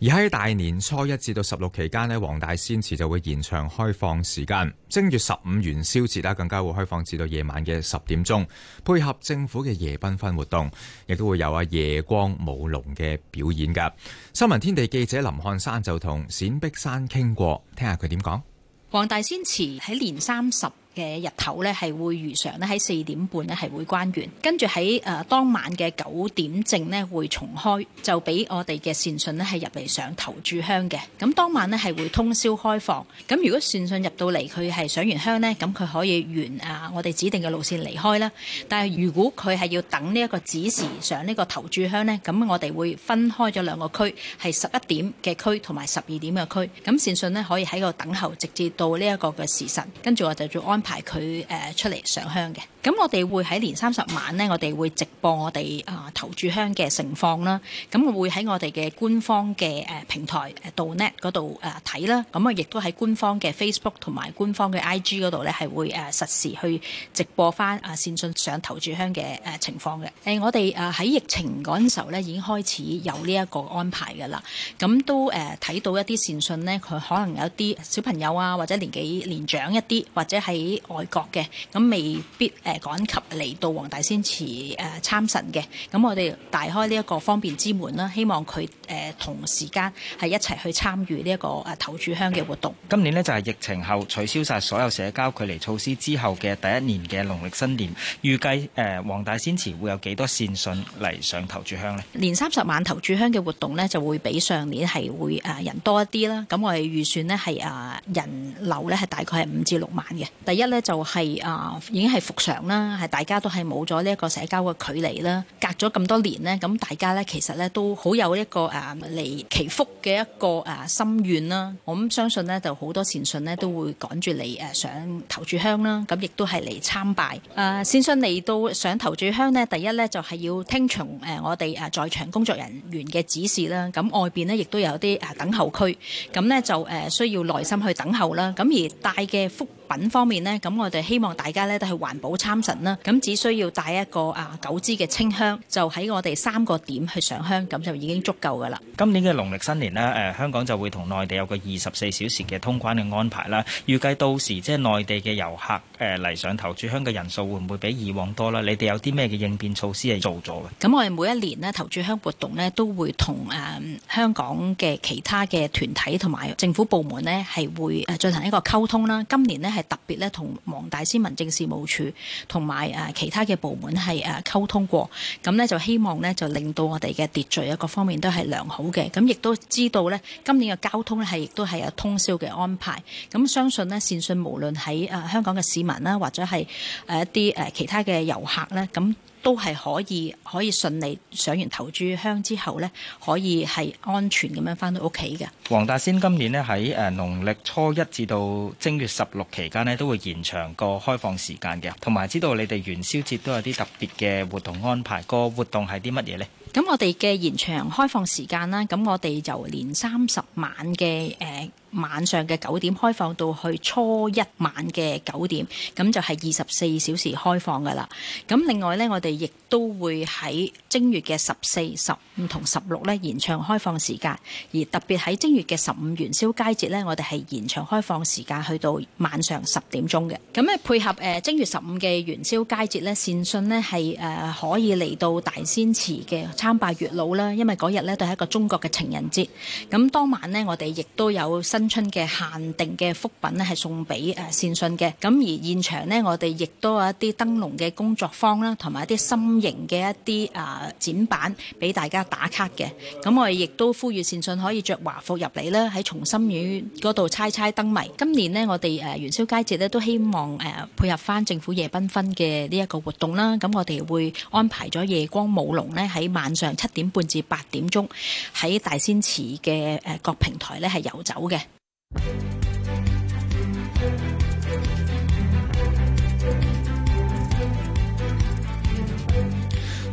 而喺大年初一至到十六期間咧，黃大仙祠就會延長開放時間。正月十五元宵節啦，更加會開放至到夜晚嘅十點鐘，配合政府嘅夜繽紛活動，亦都會有啊夜光舞龍嘅表演噶。新聞天地記者林漢山就同冼碧山傾過，聽下佢點講。黃大仙祠喺年三十，嘅日頭咧係會如常咧，喺四點半咧係會關完，跟住喺誒當晚嘅九點正咧會重開，就俾我哋嘅善信咧係入嚟上頭炷香嘅。咁當晚咧係會通宵開放。咁如果善信入到嚟，佢係上完香咧，咁佢可以沿啊我哋指定嘅路綫離開啦。但係如果佢係要等呢一個指示上呢個頭炷香咧，咁我哋會分開咗兩個區，係十一點嘅區同埋十二點嘅區，咁善信咧可以喺度等候，直至到呢一個嘅時辰，跟住我就做安排。係佢誒出嚟上香嘅。咁我哋會喺年三十晚呢，我哋會直播我哋啊頭炷香嘅情況啦。咁我會喺我哋嘅官方嘅誒平台誒、啊、net 嗰度誒睇啦。咁啊，亦都喺官方嘅 Facebook 同埋官方嘅 IG 嗰度呢，係會誒、啊、實時去直播翻啊善信上頭炷香嘅誒情況嘅。誒、啊、我哋啊喺疫情嗰陣時候呢，已經開始有呢一個安排㗎啦。咁、啊、都誒睇、啊、到一啲善信呢，佢可能有啲小朋友啊，或者年紀年長一啲，或者喺外國嘅，咁、啊、未必誒。啊誒趕及嚟到黃大仙祠誒參神嘅，咁我哋大開呢一個方便之門啦，希望佢誒、呃、同時間係一齊去參與呢一個誒、啊、投注香嘅活動。今年呢，就係、是、疫情後取消晒所有社交距離措施之後嘅第一年嘅農曆新年，預計誒黃大仙祠會有幾多善信嚟上投注香呢？年三十晚投注香嘅活動呢，就會比上年係會誒人多一啲啦。咁我哋預算呢，係、啊、誒人流呢，係大概係五至六萬嘅。第一呢，就係、是、誒、啊、已經係復常。啦，係大家都係冇咗呢一個社交嘅距離啦，隔咗咁多年呢，咁大家呢，其實呢都好有一個誒嚟祈福嘅一個誒心願啦。我咁相信呢，就好多善信呢都會趕住嚟誒上頭柱香啦，咁亦都係嚟參拜。誒，善信嚟到上頭柱香呢。第一呢，就係要聽從誒我哋誒在場工作人員嘅指示啦。咁外邊呢，亦都有啲誒等候區，咁呢就誒需要耐心去等候啦。咁而大嘅福。品方面呢，咁我哋希望大家呢都係環保參神啦。咁只需要帶一個啊九支嘅清香，就喺我哋三個點去上香，咁就已經足夠噶啦。今年嘅農曆新年呢，誒、呃、香港就會同內地有個二十四小時嘅通關嘅安排啦。預計到時即係內地嘅遊客誒嚟，呃、上頭炷香嘅人數會唔會比以往多啦？你哋有啲咩嘅應變措施係做咗嘅？咁我哋每一年呢頭炷香活動呢都會同誒，呃、香港嘅其他嘅團體同埋政府部門呢係會誒進行一個溝通啦。今年呢。係。特別咧，同黃大仙民政事務處同埋誒其他嘅部門係誒溝通過，咁咧就希望咧就令到我哋嘅秩序啊各方面都係良好嘅，咁亦都知道咧今年嘅交通咧係亦都係有通宵嘅安排，咁相信呢，善信無論喺誒香港嘅市民啦，或者係誒一啲誒其他嘅遊客咧，咁。都係可以可以順利上完頭炷香之後呢，可以係安全咁樣翻到屋企嘅。黃大仙今年呢喺誒農曆初一至到正月十六期間呢都會延長個開放時間嘅，同埋知道你哋元宵節都有啲特別嘅活動安排，這個活動係啲乜嘢呢？咁我哋嘅延長開放時間啦，咁我哋由年三十晚嘅誒、呃、晚上嘅九點開放到去初一晚嘅九點，咁就係二十四小時開放㗎喇。咁另外呢，我哋亦都會喺正月嘅十四、十五同十六呢延長開放時間，而特別喺正月嘅十五元宵佳節呢，我哋係延長開放時間去到晚上十點鐘嘅。咁誒配合誒、呃、正月十五嘅元宵佳節呢，善信呢係誒、呃、可以嚟到大仙祠嘅。參拜月老啦，因為嗰日咧都係一個中國嘅情人節。咁當晚呢，我哋亦都有新春嘅限定嘅福品呢係送俾誒、呃、善信嘅。咁而現場呢，我哋亦都有一啲燈籠嘅工作坊啦，同埋一啲心形嘅一啲誒展板俾大家打卡嘅。咁我哋亦都呼籲善信可以着華服入嚟啦，喺從心苑嗰度猜猜燈謎。今年呢，我哋誒、呃、元宵佳節呢都希望誒、呃、配合翻政府夜繽紛嘅呢一個活動啦。咁我哋會安排咗夜光舞龍呢喺萬。晚上七點半至八點鐘，喺大仙祠嘅誒各平台呢，係遊走嘅。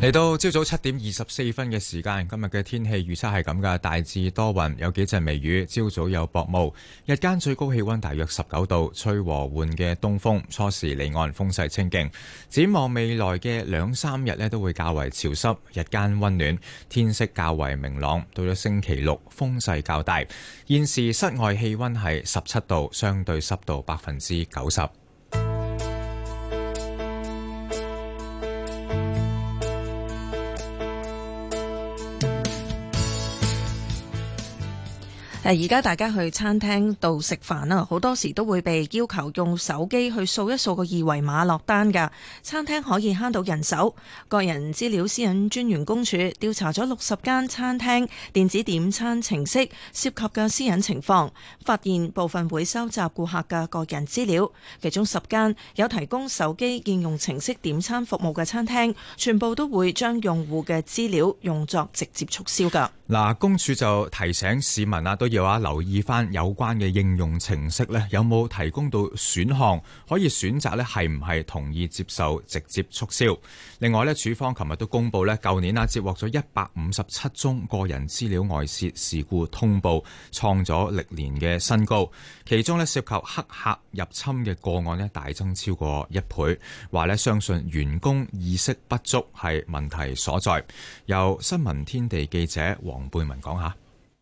嚟到朝早七點二十四分嘅時間，今日嘅天氣預測係咁噶，大致多雲，有幾陣微雨，朝早有薄霧，日間最高氣温大約十九度，吹和緩嘅東風，初時離岸風勢清勁。展望未來嘅兩三日呢，都會較為潮濕，日間温暖，天色較為明朗。到咗星期六，風勢較大。現時室外氣温係十七度，相對濕度百分之九十。而家大家去餐廳度食飯啦，好多時都會被要求用手機去掃一掃個二維碼落單㗎。餐廳可以慳到人手。個人資料私隱專員公署調查咗六十間餐廳電子點餐程式涉及嘅私隱情況，發現部分會收集顧客嘅個人資料。其中十間有提供手機應用程式點餐服務嘅餐廳，全部都會將用戶嘅資料用作直接促銷㗎。嗱，公署就提醒市民啊，都要啊留意返有關嘅應用程式呢，有冇提供到選項可以選擇呢，係唔係同意接受直接促銷？另外咧，署方琴日都公布咧，舊年啦接獲咗一百五十七宗個人資料外泄事故通報，創咗歷年嘅新高。其中咧涉及黑客入侵嘅個案咧大增超過一倍，話咧相信員工意識不足係問題所在。由新聞天地記者黃貝文講下。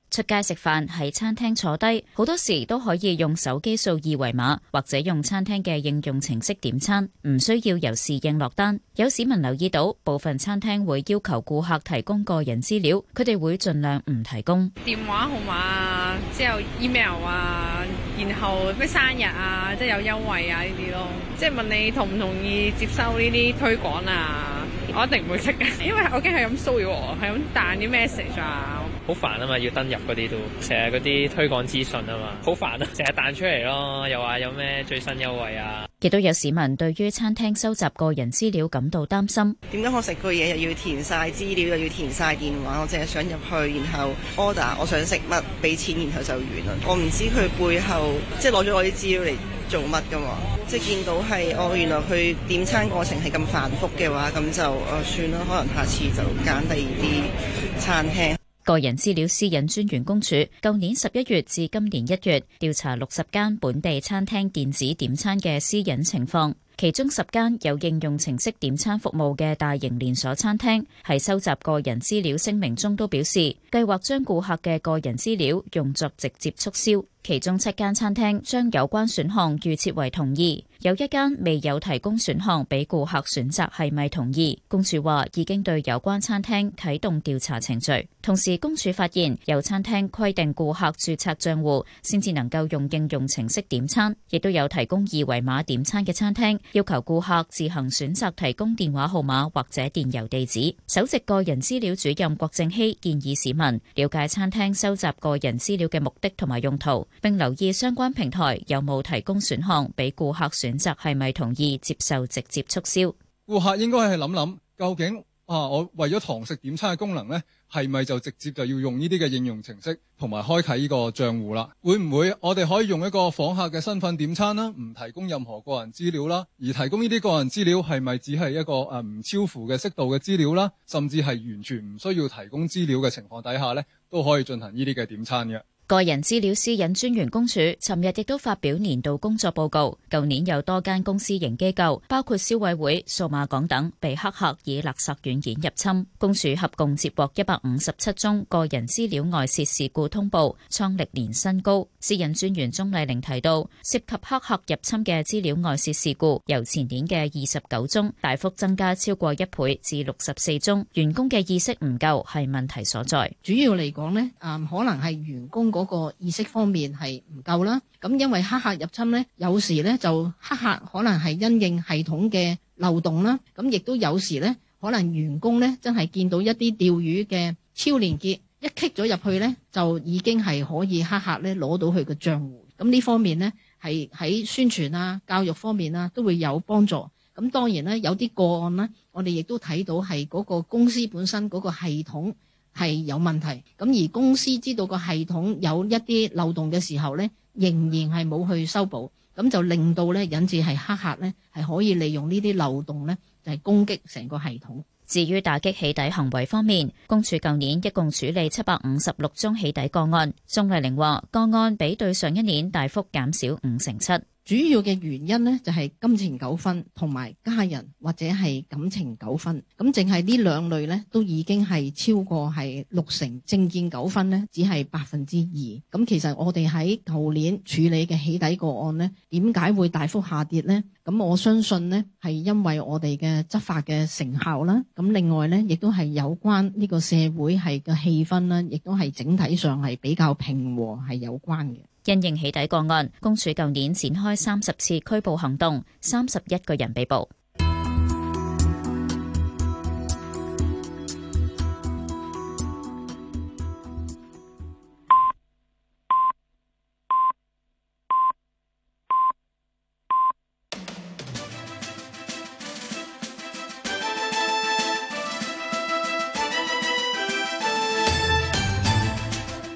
出街食飯，喺餐廳坐低，好多時都可以用手機掃二維碼，或者用餐廳嘅應用程式點餐，唔需要由侍應落單。有市民留意到，部分餐廳會要求顧客提供個人資料，佢哋會盡量唔提供電話號碼，之後然後 email 啊，然後咩生日啊，即係有優惠啊呢啲咯，即係問你同唔同意接收呢啲推廣啊，我一定唔會識㗎，因為我驚係咁騷擾我，係咁彈啲 message 啊。好煩啊！嘛，要登入嗰啲都成日嗰啲推廣資訊啊嘛，好煩啊！成日彈出嚟咯，又話有咩最新優惠啊。亦都有市民對於餐廳收集個人資料感到擔心。點解我食個嘢又要填晒資料，又要填晒電話？我淨係想入去，然後 order，我想食乜，俾錢，然後就完啦。我唔知佢背後即係攞咗我啲資料嚟做乜噶嘛？即係見到係我、哦、原來佢點餐過程係咁繁複嘅話，咁就誒算啦。可能下次就揀第二啲餐廳。個人資料私隱專員公署舊年十一月至今年一月調查六十間本地餐廳電子點餐嘅私隱情況，其中十間有應用程式點餐服務嘅大型連鎖餐廳，喺收集個人資料聲明中都表示，計劃將顧客嘅個人資料用作直接促銷。其中七間餐廳將有關選項預設為同意，有一間未有提供選項俾顧客選擇，係咪同意？公署話已經對有關餐廳啟動調查程序，同時公署發現有餐廳規定顧客注冊賬戶先至能夠用應用程式點餐，亦都有提供二維碼點餐嘅餐廳要求顧客自行選擇提供電話號碼或者電郵地址。首席個人資料主任郭正熙建議市民了解餐廳收集個人資料嘅目的同埋用途。並留意相關平台有冇提供選項俾顧客選擇係咪同意接受直接促銷？顧客應該係諗諗究竟啊，我為咗堂食點餐嘅功能呢係咪就直接就要用呢啲嘅應用程式同埋開啟呢個賬戶啦？會唔會我哋可以用一個訪客嘅身份點餐啦？唔提供任何個人資料啦，而提供呢啲個人資料係咪只係一個誒唔超乎嘅適度嘅資料啦？甚至係完全唔需要提供資料嘅情況底下呢都可以進行呢啲嘅點餐嘅。個人資料私隱專員公署尋日亦都發表年度工作報告，舊年有多間公私營機構，包括消委會、數碼港等，被黑客以勒索軟件入侵。公署合共接獲一百五十七宗個人資料外泄事故通報，創歷年新高。私隱專員鍾麗玲提到，涉及黑客入侵嘅資料外泄事故，由前年嘅二十九宗大幅增加超過一倍至六十四宗。員工嘅意識唔夠係問題所在，主要嚟講呢，啊可能係員工。嗰個意識方面係唔夠啦，咁因為黑客入侵呢，有時呢就黑客可能係因應系統嘅漏洞啦，咁亦都有時呢，可能員工呢真係見到一啲釣魚嘅超連結，一 click 咗入去呢，就已經係可以黑客呢攞到佢嘅帳戶，咁呢方面呢，係喺宣傳啊、教育方面啊都會有幫助。咁當然呢，有啲個案呢，我哋亦都睇到係嗰個公司本身嗰個系統係有問題，咁而公司知道個系統有一啲漏洞嘅時候咧，仍然係冇去修補，咁就令到咧引致係黑客咧係可以利用呢啲漏洞咧，就係攻擊成個系統。至於打擊起底行為方面，公署舊年一共處理七百五十六宗起底個案，鍾麗玲話個案比對上一年大幅減少五成七。主要嘅原因呢，就係金錢糾紛同埋家人或者係感情糾紛，咁淨係呢兩類呢，都已經係超過係六成，政見糾紛呢只係百分之二。咁其實我哋喺舊年處理嘅起底個案呢，點解會大幅下跌呢？咁我相信呢，係因為我哋嘅執法嘅成效啦。咁另外呢，亦都係有關呢個社會係嘅氣氛啦，亦都係整體上係比較平和係有關嘅。因應起底個案，公署舊年展開三十次拘捕行動，三十一個人被捕。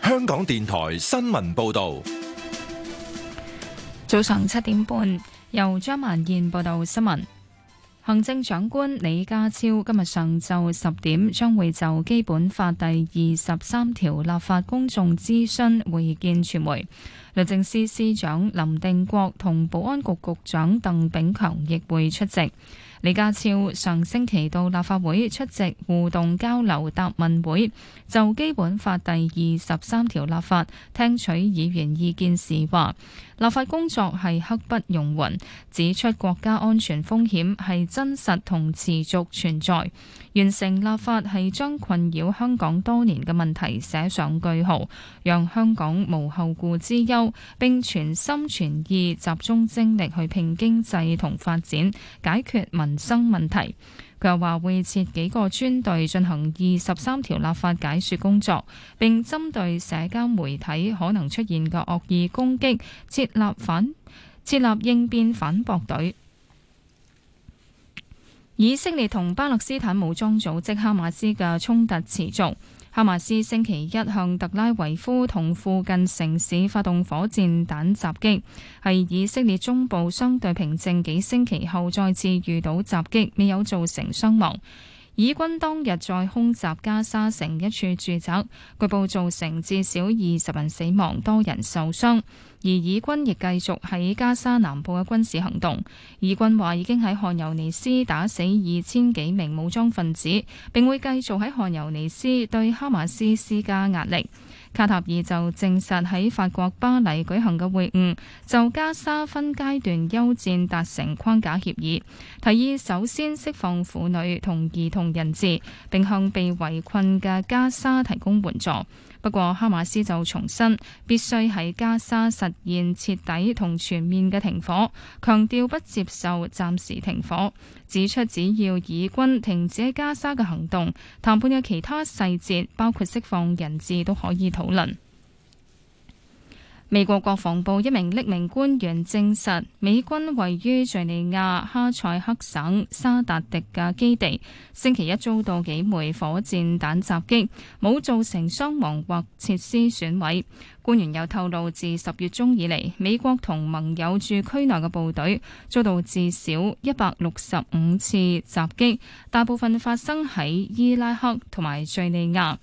香港電台新聞報道。早上七點半，由張曼燕報道新聞。行政長官李家超今日上晝十點將會就《基本法》第二十三條立法公眾諮詢會見傳媒。律政司司長林定國同保安局局長鄧炳強亦會出席。李家超上星期到立法會出席互動交流答問會，就《基本法》第二十三條立法聽取議員意見時話，立法工作係刻不容緩，指出國家安全風險係真實同持續存在。完成立法係將困擾香港多年嘅問題寫上句號，讓香港無後顧之憂，並全心全意集中精力去拼經濟同發展，解決民生問題。佢又話會設幾個專隊進行二十三條立法解說工作，並針對社交媒體可能出現嘅惡意攻擊，設立反設立應變反駁隊。以色列同巴勒斯坦武裝組織哈馬斯嘅衝突持續。哈馬斯星期一向特拉維夫同附近城市發動火箭彈襲擊，係以色列中部相對平靜幾星期後再次遇到襲擊，未有造成傷亡。以軍當日再空襲加沙城一處住宅，據報造成至少二十人死亡，多人受傷。而以軍亦繼續喺加沙南部嘅軍事行動。以軍話已經喺汗尤尼斯打死二千幾名武裝分子，並會繼續喺汗尤尼斯對哈馬斯施加壓力。卡塔爾就證實喺法國巴黎舉行嘅會晤，就加沙分階段休戰達成框架協議，提議首先釋放婦女同兒童人質，並向被圍困嘅加沙提供援助。不過，哈馬斯就重申，必須喺加沙實現徹底同全面嘅停火，強調不接受暫時停火。指出只要以軍停止喺加沙嘅行動，談判嘅其他細節，包括釋放人質，都可以討論。美國國防部一名匿名官員證實，美軍位於敘利亞哈塞克省沙達迪嘅基地星期一遭到幾枚火箭彈襲擊，冇造成傷亡或設施損毀。官員又透露，自十月中以嚟，美國同盟友駐區內嘅部隊遭到至少一百六十五次襲擊，大部分發生喺伊拉克同埋敘利亞。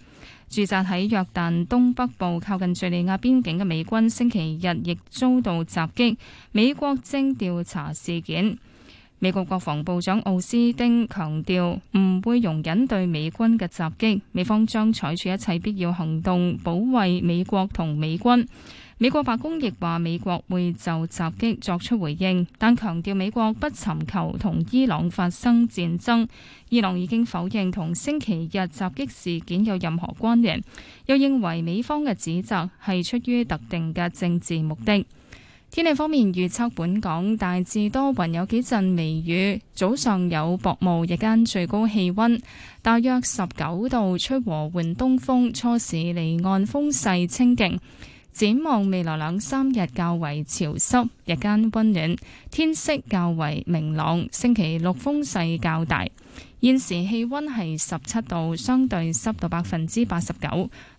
駐紮喺約旦東北部靠近敘利亞邊境嘅美軍星期日亦遭到襲擊，美國正調查事件。美國國防部長奧斯丁強調唔會容忍對美軍嘅襲擊，美方將採取一切必要行動保衛美國同美軍。美國白宮亦話，美國會就襲擊作出回應，但強調美國不尋求同伊朗發生戰爭。伊朗已經否認同星期日襲擊事件有任何關聯，又認為美方嘅指責係出於特定嘅政治目的。天氣方面預測，本港大致多雲，有幾陣微雨，早上有薄霧，日間最高氣温大約十九度，吹和緩東風，初時離岸風勢清勁。展望未來兩三日較為潮濕，日間温暖，天色較為明朗。星期六風勢較大，現時氣温係十七度，相對濕度百分之八十九。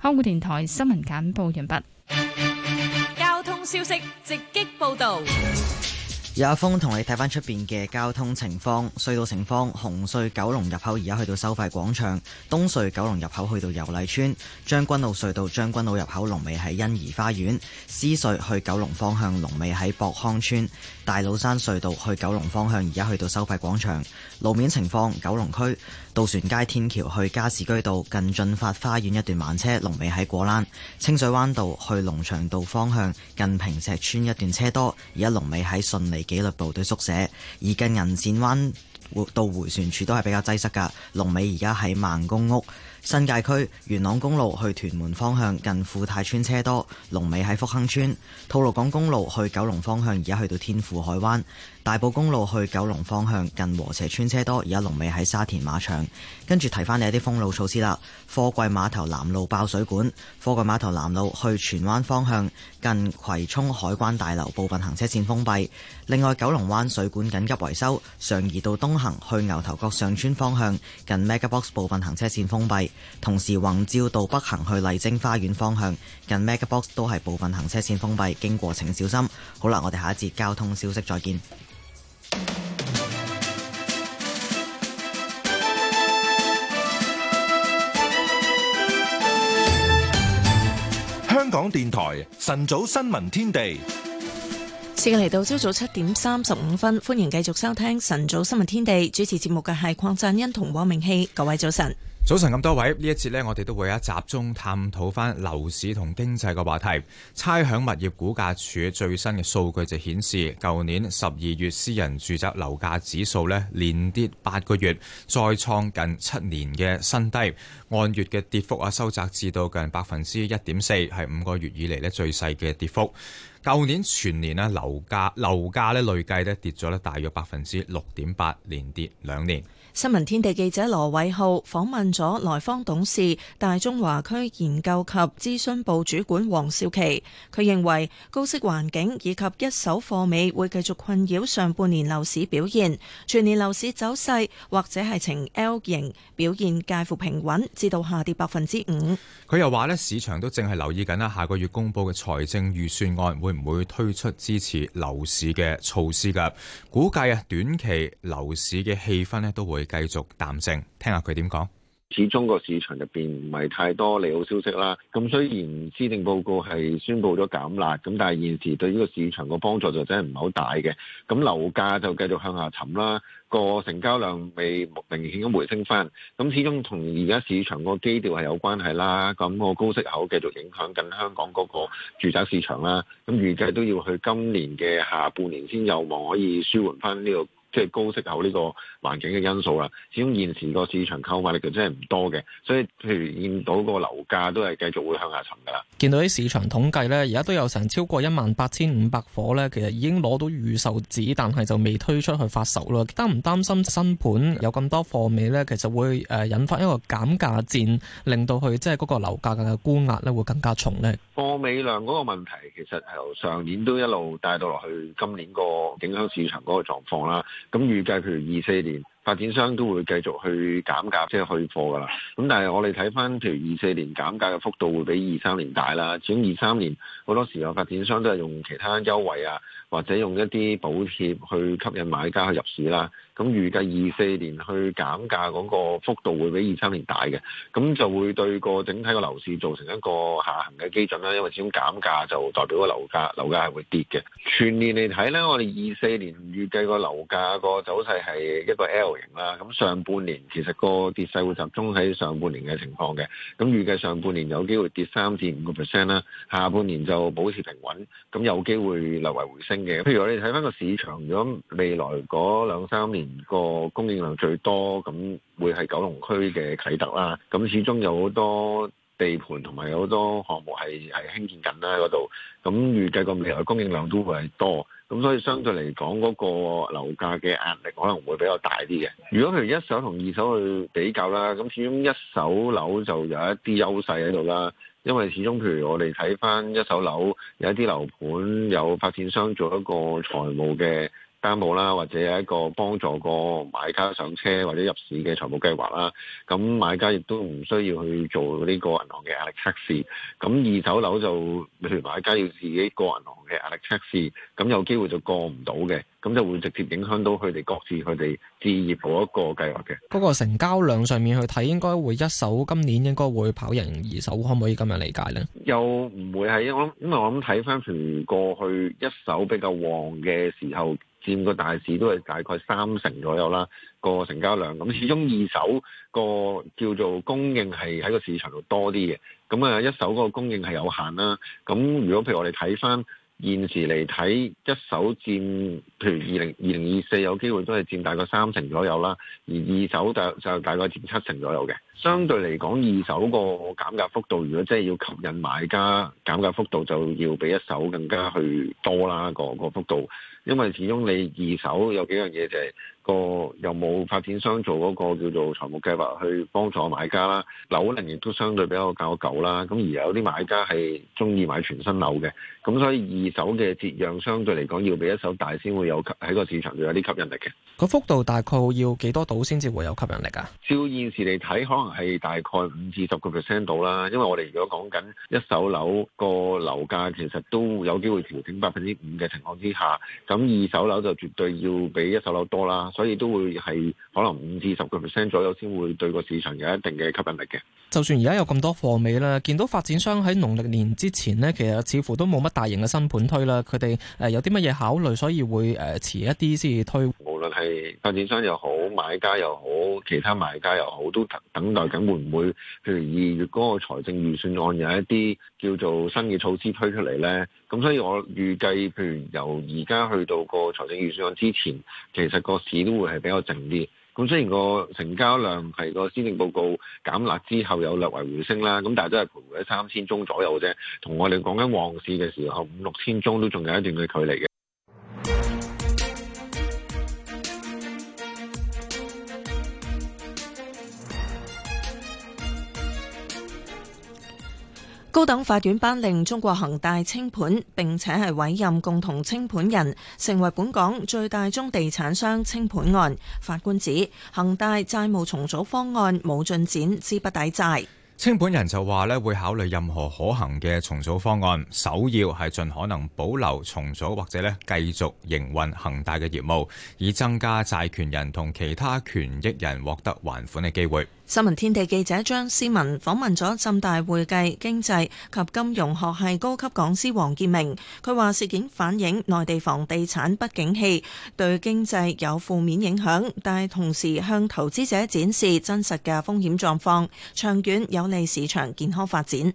香港電台新聞簡報完畢。交通消息直擊報道。.有阿峰同你睇翻出邊嘅交通情況、隧道情況。紅隧九龍入口而家去到收費廣場，東隧九龍入口去到油麗邨，將軍澳隧道將軍澳入口龍尾喺欣怡花園，獅隧去九龍方向龍尾喺博康村。大老山隧道去九龍方向，而家去到收費廣場路面情況。九龍區渡船街天橋去加士居道近駿發花園一段慢車，龍尾喺果欄。清水灣道去龍翔道方向近坪石邨一段車多，而家龍尾喺順利紀律部隊宿舍。而近銀線灣道回旋處都係比較擠塞噶，龍尾而家喺孟公屋。新界區元朗公路去屯門方向近富泰村車多，龍尾喺福亨村。吐露港公路去九龍方向，而家去到天賦海灣，大埔公路去九龍方向近和諧村車多，而家龍尾喺沙田馬場。跟住提翻你一啲封路措施啦。貨櫃碼頭南路爆水管，貨櫃碼頭南路去荃灣方向近葵涌海關大樓部分行車線封閉。另外，九龍灣水管緊急維修，常怡道東行去牛頭角上村方向近 mega box 部分行車線封閉。同時，宏照道北行去麗晶花園方向近 MacBook 都係部分行車線封閉，經過請小心。好啦，我哋下一節交通消息再見。香港電台晨早新聞天地。時間嚟到朝早七點三十五分，歡迎繼續收聽晨早新聞天地。主持節目嘅係鄺振欣同黃明希，各位早晨。早晨咁多位，呢一節呢，我哋都會喺集中探討翻樓市同經濟嘅話題。差餉物業估價署最新嘅數據就顯示，舊年十二月私人住宅樓價指數咧連跌八個月，再創近七年嘅新低。按月嘅跌幅啊，收窄至到近百分之一點四，係五個月以嚟咧最細嘅跌幅。舊年全年呢，樓價樓價呢，累計跌咗大約百分之六點八，連跌兩年。新聞天地記者羅偉浩訪問咗來方董事大中華區研究及諮詢部主管黃少琪，佢認為高息環境以及一手貨尾會繼續困擾上半年樓市表現，全年樓市走勢或者係呈 L 型表現，介乎平穩至到下跌百分之五。佢又話咧，市場都正係留意緊啦，下個月公布嘅財政預算案會唔會推出支持樓市嘅措施噶，估計啊，短期樓市嘅氣氛咧都會。繼續淡靜，聽下佢點講。始終個市場入邊唔係太多利好消息啦。咁雖然施政報告係宣布咗減辣，咁但係現時對呢個市場個幫助就真係唔係好大嘅。咁樓價就繼續向下沉啦。個成交量未明顯咁回升翻。咁始終同而家市場個基調係有關係啦。咁個高息口繼續影響緊香港嗰個住宅市場啦。咁預計都要去今年嘅下半年先有望可以舒緩翻呢個。即係高息口呢個環境嘅因素啦，始終現時個市場購買力就真係唔多嘅，所以譬如見到個樓價都係繼續會向下沉㗎啦。見到啲市場統計咧，而家都有成超過一萬八千五百夥咧，其實已經攞到預售紙，但係就未推出去發售啦。擔唔擔心新盤有咁多貨尾咧，其實會誒引發一個減價戰，令到佢即係嗰個樓價嘅沽壓咧會更加重咧？貨尾量嗰個問題其實係由上年都一路帶到落去今年個影響市場嗰個狀況啦。咁預計譬如二四年發展商都會繼續去減價，即係去貨㗎啦。咁但係我哋睇翻譬如二四年減價嘅幅度會比二三年大啦。至於二三年好多時候發展商都係用其他優惠啊，或者用一啲補貼去吸引買家去入市啦，咁預計二四年去減價嗰個幅度會比二三年大嘅，咁就會對個整體個樓市造成一個下行嘅基準啦。因為始終減價就代表個樓價樓價係會跌嘅。全年嚟睇呢，我哋二四年預計個樓價個走勢係一個 L 型啦。咁上半年其實個跌勢會集中喺上半年嘅情況嘅，咁預計上半年有機會跌三至五個 percent 啦，下半年就保持平穩，咁有機會略為回升。嘅，譬如我哋睇翻個市場，如果未來嗰兩三年個供應量最多，咁會係九龍區嘅啟德啦。咁始終有好多地盤同埋有好多項目係係興建緊啦嗰度。咁預計個未來供應量都會係多，咁所以相對嚟講，嗰個樓價嘅壓力可能會比較大啲嘅。如果譬如一手同二手去比較啦，咁始終一手樓就有一啲優勢喺度啦。因為始終，譬如我哋睇翻一手樓，有一啲樓盤有發展商做一個財務嘅擔保啦，或者係一個幫助個買家上車或者入市嘅財務計劃啦。咁買家亦都唔需要去做呢個銀行嘅壓力測試。咁二手樓就，你譬如買家要自己過銀行嘅壓力測試，咁有機會就過唔到嘅，咁就會直接影響到佢哋各自佢哋置業嗰個計劃嘅。不過成交量上面去睇，應該會一手今年應該會跑贏二手，可唔可以咁樣理解咧？又唔會係，我因為我諗睇翻從過去一手比較旺嘅時候。佔個大市都係大概三成左右啦，個成交量咁，始終二手個叫做供應係喺個市場度多啲嘅，咁啊一手個供應係有限啦。咁如果譬如我哋睇翻。現時嚟睇，一手佔，譬如二零二零二四有機會都係佔大概三成左右啦，而二手就就大概佔七成左右嘅。相對嚟講，二手個減價幅度，如果真係要吸引買家，減價幅度就要比一手更加去多啦。個、那個幅度，因為始終你二手有幾樣嘢就係、是。個又冇發展商做嗰個叫做財務計劃去幫助買家啦，樓齡亦都相對比較較舊啦。咁而有啲買家係中意買全新樓嘅，咁所以二手嘅折讓相對嚟講要比一手大先會有吸喺個市場有啲吸引力嘅。個幅度大概要幾多度先至會有吸引力㗎？照現時嚟睇，可能係大概五至十個 percent 度啦。因為我哋如果講緊一手樓個樓價，其實都有機會調整百分之五嘅情況之下，咁二手樓就絕對要比一手樓多啦。所以都會係可能五至十個 percent 左右，先會對個市場有一定嘅吸引力嘅。就算而家有咁多貨尾啦，見到發展商喺農曆年之前呢，其實似乎都冇乜大型嘅新盤推啦。佢哋誒有啲乜嘢考慮？所以會誒遲一啲先至推。無論係發展商又好。買家又好，其他買家又好，都等等待緊會唔會。譬如二月個財政預算案有一啲叫做新嘅措施推出嚟咧。咁所以我預計，譬如由而家去到個財政預算案之前，其實個市都會係比較靜啲。咁雖然個成交量係個施政報告減壓之後有略為回升啦，咁但係都係徘徊喺三千宗左右啫。同我哋講緊旺市嘅時候，五六千宗都仲有一段嘅距離嘅。高等法院頒令中國恒大清盤，並且係委任共同清盤人，成為本港最大宗地產商清盤案。法官指恒大債務重組方案冇進展，資不抵債。清盤人就話咧會考慮任何可行嘅重組方案，首要係盡可能保留重組或者咧繼續營運恒大嘅業務，以增加債權人同其他權益人獲得還款嘅機會。新聞天地記者張思文訪問咗浸大會計經濟及金融學系高級講師黃建明，佢話事件反映內地房地產不景氣，對經濟有負面影響，但係同時向投資者展示真實嘅風險狀況，長遠有利市場健康發展。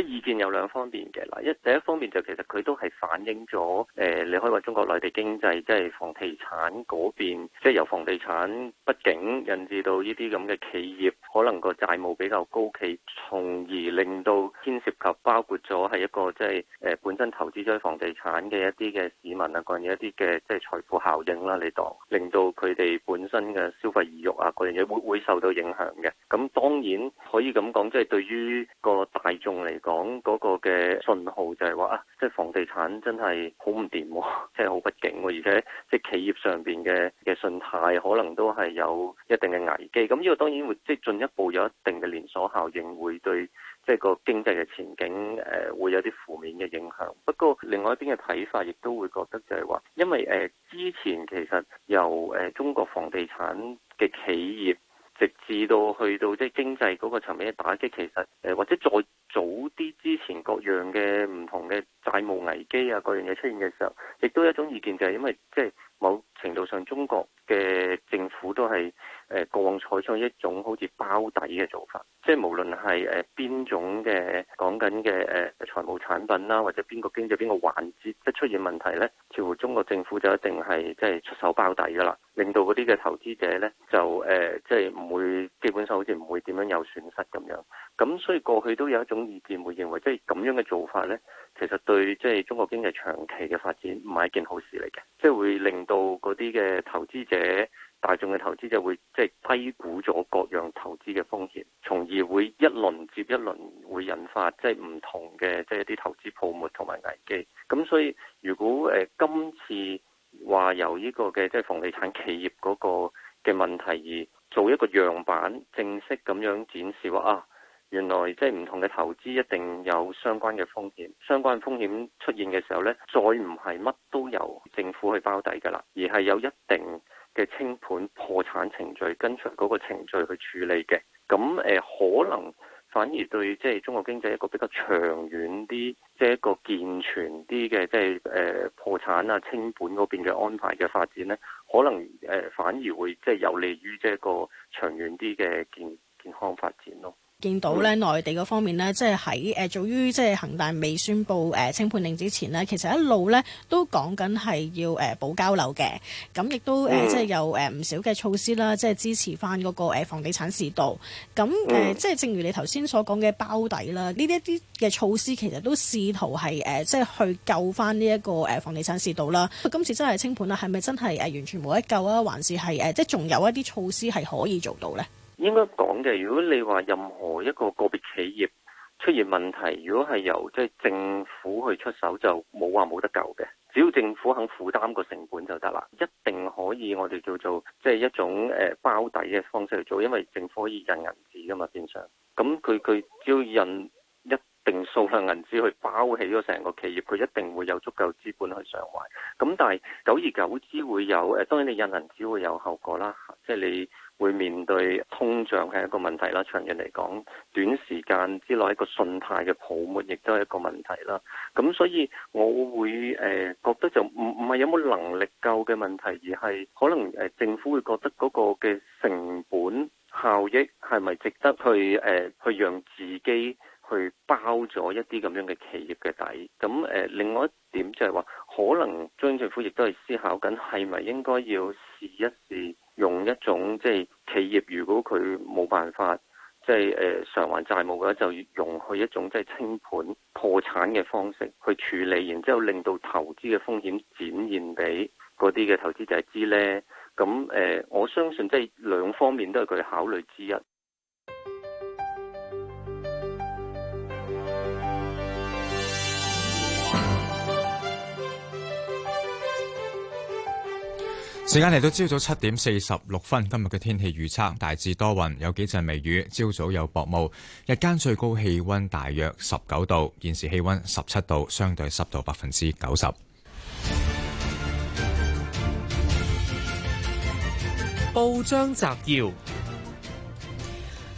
即意見有兩方面嘅啦，一第一方面就其實佢都係反映咗，誒、呃，你可以話中國內地經濟即係房地產嗰邊，即係由房地產畢竟引致到呢啲咁嘅企業可能個債務比較高企，從而令到牽涉及包括咗係一個即係誒本身投資咗喺房地產嘅一啲嘅市民啊，嗰樣嘢一啲嘅即係財富效應啦、啊，你當令到佢哋本身嘅消費意欲啊，嗰樣嘢會會受到影響嘅。咁當然可以咁講，即係對於個大眾嚟講。講嗰個嘅信號就係話啊，即係房地產真係好唔掂喎，即係好不、啊、不景喎、啊，而且即係企業上邊嘅嘅信貸可能都係有一定嘅危機。咁、嗯、呢、這個當然會即係、就是、進一步有一定嘅連鎖效應，會對即係、就是、個經濟嘅前景誒、呃，會有啲負面嘅影響。不過另外一邊嘅睇法，亦都會覺得就係話，因為誒、呃、之前其實由誒、呃、中國房地產嘅企業。直至到去到即係經濟嗰個層面嘅打擊，其實誒、呃、或者再早啲之前各樣嘅唔同嘅債務危機啊，各樣嘢出現嘅時候，亦都有一種意見就係因為即係、就是、某程度上中國嘅政府都係誒過往採取一種好似包底嘅做法，即係無論係誒邊種嘅講緊嘅誒財務產品啦、啊，或者邊個經濟邊個環節一出現問題呢，似乎中國政府就一定係即係出手包底噶啦。令到嗰啲嘅投資者咧，就誒、呃、即係唔會，基本上好似唔會點樣有損失咁樣，咁所以過去都有一種意見會認為即係咁樣嘅做法咧，其實對即係中國經濟長期嘅發展唔係一件好事嚟嘅，即係會令到嗰啲嘅投資者、大眾嘅投資者會即係低估咗各樣投資嘅風險，從而會一輪接一輪會引發即係唔同嘅即係一啲投資泡沫同埋危機。咁所以如果誒、呃、今次，話由呢、這個嘅即係房地產企業嗰個嘅問題而做一個樣板，正式咁樣展示話啊，原來即係唔同嘅投資一定有相關嘅風險，相關風險出現嘅時候呢，再唔係乜都由政府去包底噶啦，而係有一定嘅清盤破產程序跟隨嗰個程序去處理嘅，咁誒、呃、可能。反而對，即係中國經濟一個比較長遠啲，即係一個健全啲嘅，即係誒破產啊清盤嗰邊嘅安排嘅發展咧，可能誒反而會即係有利於即係一個長遠啲嘅健健康發展咯。見到咧內地嗰方面呢，即係喺誒早於即係恒大未宣佈誒、呃、清盤令之前呢，其實一路咧都講緊係要誒、呃、保交樓嘅，咁亦都誒、呃、即係有誒唔、呃、少嘅措施啦，即係支持翻嗰個房地產市道。咁誒、呃、即係正如你頭先所講嘅包底啦，呢一啲嘅措施其實都試圖係誒、呃、即係去救翻呢一個誒房地產市道啦。今次真係清盤啦，係咪真係誒完全冇得救啊？還是係誒即係仲有一啲措施係可以做到咧？應該講嘅，如果你話任何一個個別企業出現問題，如果係由即係政府去出手，就冇話冇得救嘅。只要政府肯負擔個成本就得啦，一定可以我哋叫做即係一種誒包底嘅方式去做，因為政府可以印銀紙㗎嘛，變相。咁佢佢只要印一定數量銀紙去包起咗成個企業，佢一定會有足夠資本去償還。咁但係久而久之會有誒，當然你印銀紙會有後果啦，即係你。會面對通脹係一個問題啦，長遠嚟講，短時間之內一個信貸嘅泡沫亦都係一個問題啦。咁所以我會誒覺得就唔唔係有冇能力夠嘅問題，而係可能誒政府會覺得嗰個嘅成本效益係咪值得去誒去讓自己去包咗一啲咁樣嘅企業嘅底？咁誒，另外一點就係話，可能中央政府亦都係思考緊係咪應該要試一試。用一種即係企業，如果佢冇辦法即係誒償還債務嘅話，就用佢一種即係清盤破產嘅方式去處理，然之後令到投資嘅風險展現俾嗰啲嘅投資者知呢。咁誒，呃，我相信即係兩方面都係佢考慮之一。時間嚟到朝早七點四十六分，今日嘅天氣預測大致多雲，有幾陣微雨，朝早有薄霧，日間最高氣溫大約十九度，現時氣溫十七度，相對濕度百分之九十。報章摘要。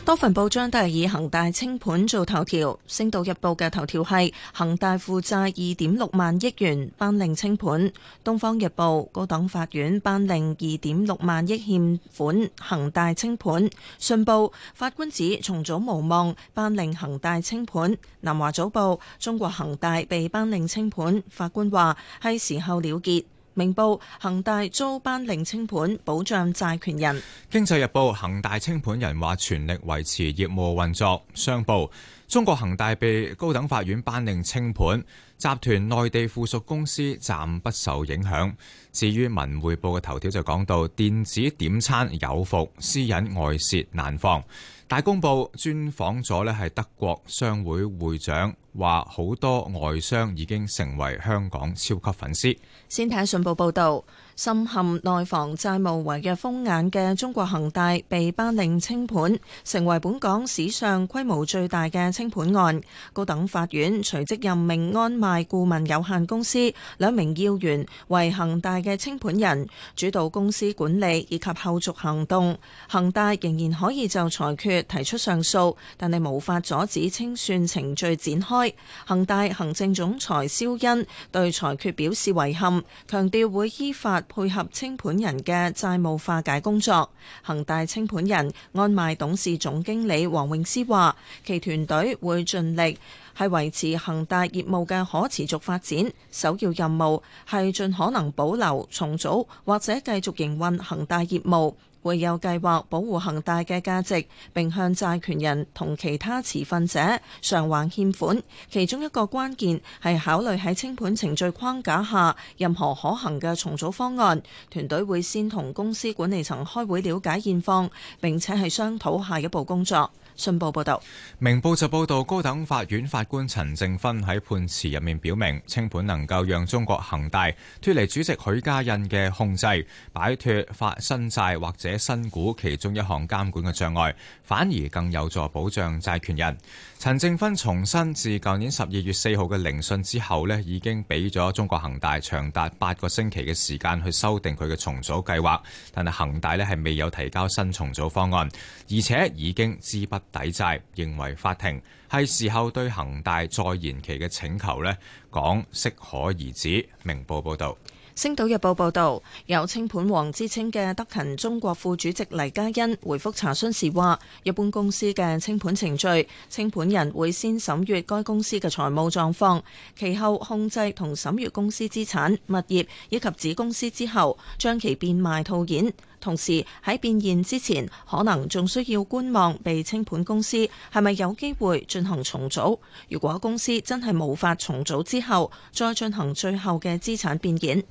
多份報章都係以恒大清盤做頭條。星島日報嘅頭條係恒大負債二點六萬億元，頒令清盤。東方日報高等法院頒令二點六萬億欠款，恒大清盤。信報法官指重組無望，頒令恒大清盤。南華早報中國恒大被頒令清盤，法官話係時候了結。明報恒大頒令清盤，保障債權人。經濟日報恒大清盤人話全力維持業務運作。商報中國恒大被高等法院頒令清盤，集團內地附屬公司暫不受影響。至於文匯報嘅頭條就講到電子點餐有伏，私隱外泄難防。大公報專訪咗呢係德國商會會長。話好多外商已經成為香港超級粉絲。先睇信報報道。深陷內房債務危嘅風眼嘅中國恒大被頒令清盤，成為本港史上規模最大嘅清盤案。高等法院隨即任命安邁顧問有限公司兩名要員為恒大嘅清盤人，主導公司管理以及後續行動。恒大仍然可以就裁決提出上訴，但係無法阻止清算程序展開。恒大行政總裁肖恩對裁決表示遺憾，強調會依法。配合清盤人嘅債務化解工作，恒大清盤人安邁董事總經理黃永詩話，其團隊會盡力係維持恒大業務嘅可持續發展，首要任務係盡可能保留、重組或者繼續營運恒大業務。會有計劃保護恒大嘅價值，並向債權人同其他持份者償還欠款。其中一個關鍵係考慮喺清盤程序框架下任何可行嘅重組方案，團隊會先同公司管理層開會了解現況，並且係商討下一步工作。信報報導，明報就報導高等法院法官陳正芬喺判詞入面表明，清盤能夠讓中國恒大脫離主席許家印嘅控制，擺脱發新債或者新股其中一項監管嘅障礙，反而更有助保障債權人。陳正芬重申，自舊年十二月四號嘅聆訊之後呢，已經俾咗中國恒大長達八個星期嘅時間去修訂佢嘅重組計劃，但係恒大呢係未有提交新重組方案，而且已經資不抵債，認為法庭係時候對恒大再延期嘅請求咧講適可而止。明報報導，《星島日報》報導，有清盤王之稱嘅德勤中國副主席黎嘉欣回覆查詢時話：一般公司嘅清盤程序，清盤人會先審閱該公司嘅財務狀況，其後控制同審閱公司資產、物業以及子公司之後，將其變賣套現。同時喺變現之前，可能仲需要觀望被清盤公司係咪有機會進行重組。如果公司真係無法重組之後，再進行最後嘅資產變現。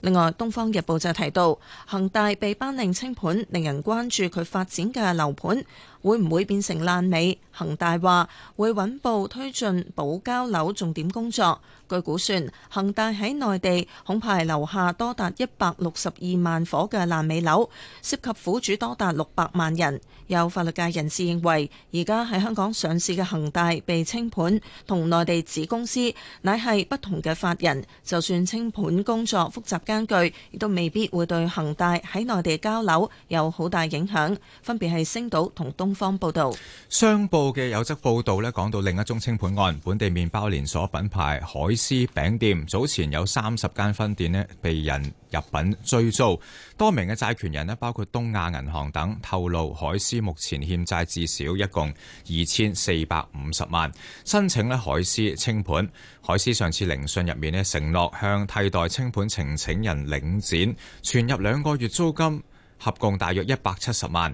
另外，《東方日報》就提到，恒大被頒令清盤，令人關注佢發展嘅樓盤。會唔會變成爛尾？恒大話會穩步推進保交樓重點工作。據估算，恒大喺內地恐怕留下多達一百六十二萬伙嘅爛尾樓，涉及苦主多達六百萬人。有法律界人士認為，而家喺香港上市嘅恒大被清盤，同內地子公司乃係不同嘅法人，就算清盤工作複雜艱巨，亦都未必會對恒大喺內地交樓有好大影響。分別係星島同東。方報道，商報嘅有則報道呢講到另一宗清盤案，本地麵包連鎖品牌海獅餅店，早前有三十間分店咧被人入稟追租，多名嘅債權人咧，包括東亞銀行等，透露海獅目前欠債至少一共二千四百五十萬，申請咧海獅清盤。海獅上次聆訊入面呢承諾向替代清盤呈請人領展存入兩個月租金，合共大約一百七十萬。